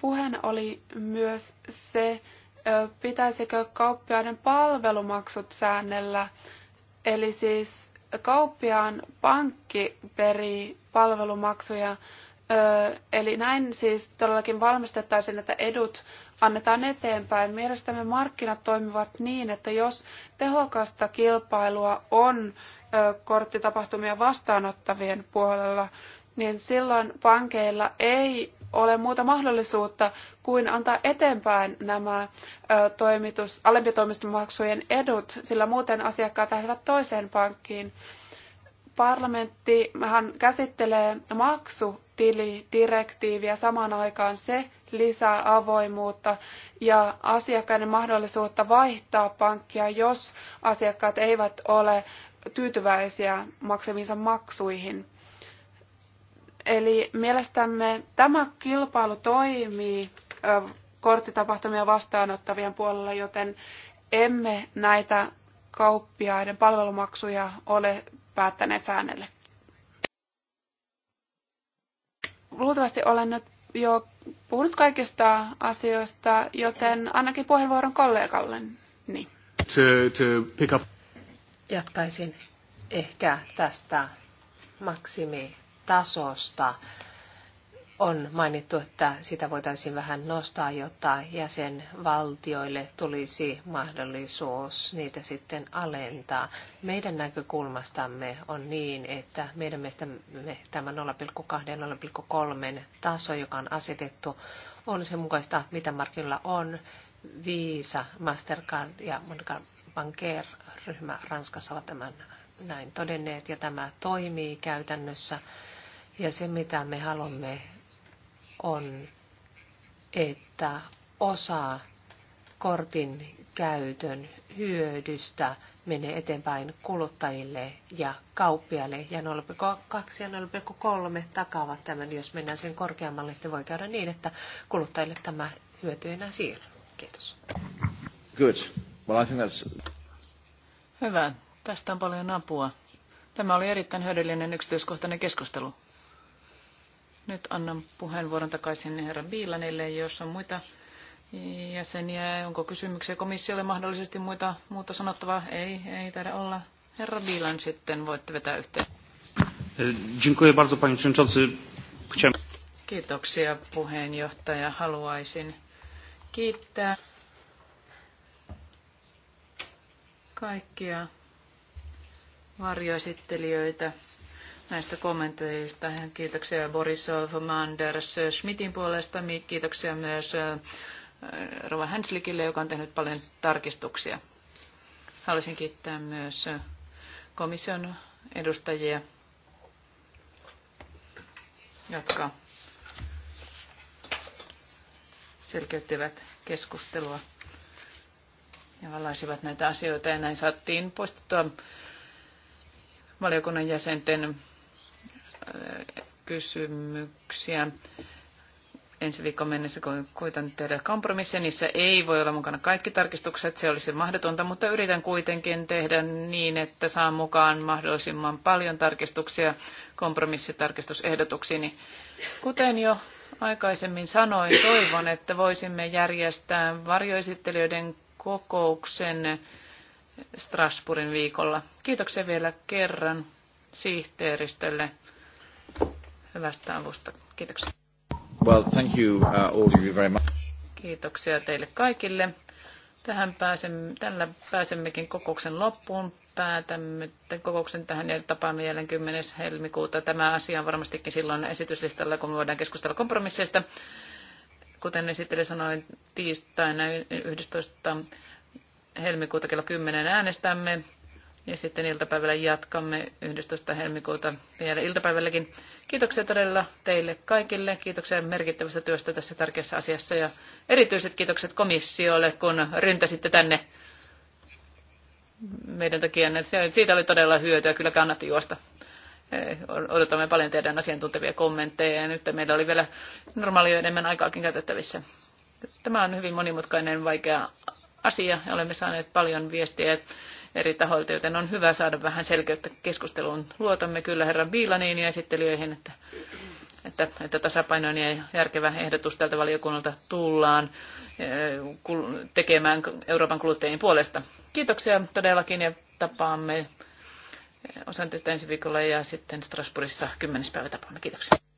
Puheen oli myös se, pitäisikö kauppiaiden palvelumaksut säännellä. Eli siis kauppiaan pankki perii palvelumaksuja eli näin siis todellakin valmistettaisiin, että edut annetaan eteenpäin. Mielestämme markkinat toimivat niin, että jos tehokasta kilpailua on korttitapahtumia vastaanottavien puolella, niin silloin pankeilla ei ole muuta mahdollisuutta kuin antaa eteenpäin nämä toimitus, alempitoimistomaksujen edut, sillä muuten asiakkaat lähtevät toiseen pankkiin. Parlamentti hän käsittelee maksutilidirektiiviä samaan aikaan. Se lisää avoimuutta ja asiakkaiden mahdollisuutta vaihtaa pankkia, jos asiakkaat eivät ole tyytyväisiä maksamiinsa maksuihin. Eli mielestämme tämä kilpailu toimii korttitapahtumia vastaanottavien puolella, joten emme näitä kauppiaiden palvelumaksuja ole päättäneet säännellä. Luultavasti olen nyt jo puhunut kaikista asioista, joten annakin puheenvuoron kollegalle. Niin.
To, to pick up.
Jatkaisin ehkä tästä maksimitasosta. tasosta on mainittu, että sitä voitaisiin vähän nostaa, jotta jäsenvaltioille tulisi mahdollisuus niitä sitten alentaa. Meidän näkökulmastamme on niin, että meidän mielestämme tämä 0,2-0,3 taso, joka on asetettu, on sen mukaista, mitä markkinoilla on. Visa, Mastercard ja Monica Banker-ryhmä Ranskassa ovat tämän näin todenneet, ja tämä toimii käytännössä. Ja se, mitä me haluamme on, että osa kortin käytön hyödystä menee eteenpäin kuluttajille ja kauppiaille. Ja 0,2 ja 0,3 takaavat tämän. Jos mennään sen korkeammalle, niin sitten voi käydä niin, että kuluttajille tämä
hyöty ei enää siirry. Kiitos.
Good. Well, I think that's...
Hyvä. Tästä on paljon apua. Tämä oli erittäin hyödyllinen yksityiskohtainen keskustelu. Nyt annan puheenvuoron takaisin herra Biilanille, jos on muita jäseniä. Onko kysymyksiä komissiolle mahdollisesti muita, muuta sanottavaa? Ei, ei taida olla. Herra Biilan sitten voitte vetää yhteen.
Dziękuję bardzo, panie przewodniczący. Chciałem...
Kiitoksia puheenjohtaja. Haluaisin kiittää kaikkia varjoesittelijöitä näistä kommenteista. Kiitoksia Borisov, Manders, Schmidtin puolesta. Kiitoksia myös äh, Rova Hänslikille, joka on tehnyt paljon tarkistuksia. Haluaisin kiittää myös komission edustajia, jotka selkeyttivät keskustelua ja valaisivat näitä asioita. Ja näin saattiin poistettua valiokunnan jäsenten kysymyksiä ensi viikon mennessä koitan tehdä kompromissia. Niissä ei voi olla mukana kaikki tarkistukset, se olisi mahdotonta, mutta yritän kuitenkin tehdä niin, että saan mukaan mahdollisimman paljon tarkistuksia kompromissitarkistusehdotuksiini. Kuten jo aikaisemmin sanoin, toivon, että voisimme järjestää varjoesittelijöiden kokouksen Strasbourgin viikolla. Kiitoksia vielä kerran sihteeristölle hyvästä avusta. Kiitoksia.
Well, thank you, uh, all of you very much.
Kiitoksia teille kaikille. Tähän pääsemme, tällä pääsemmekin kokouksen loppuun. Päätämme kokouksen tähän ja tapaamme jälleen 10. helmikuuta. Tämä asia on varmastikin silloin esityslistalla, kun voidaan keskustella kompromisseista. Kuten esittelijä sanoin tiistaina 11. helmikuuta kello 10 äänestämme ja sitten iltapäivällä jatkamme 11. helmikuuta vielä iltapäivälläkin. Kiitoksia todella teille kaikille. Kiitoksia merkittävästä työstä tässä tärkeässä asiassa ja erityiset kiitokset komissiolle, kun ryntäsitte tänne meidän takia. Siitä oli todella hyötyä. Kyllä kannatti juosta. Eh, odotamme paljon teidän asiantuntevia kommentteja ja nyt meillä oli vielä normaalia enemmän aikaakin käytettävissä. Tämä on hyvin monimutkainen, vaikea asia ja olemme saaneet paljon viestiä eri tahoilta, joten on hyvä saada vähän selkeyttä keskusteluun. Luotamme kyllä herran Viilaniin ja esittelijöihin, että, että, että tasapainoinen ja järkevä ehdotus tältä valiokunnalta tullaan eh, tekemään Euroopan kuluttajien puolesta. Kiitoksia todellakin ja tapaamme eh, osantista ensi viikolla ja sitten Strasbourgissa 10. päivä tapaamme. Kiitoksia.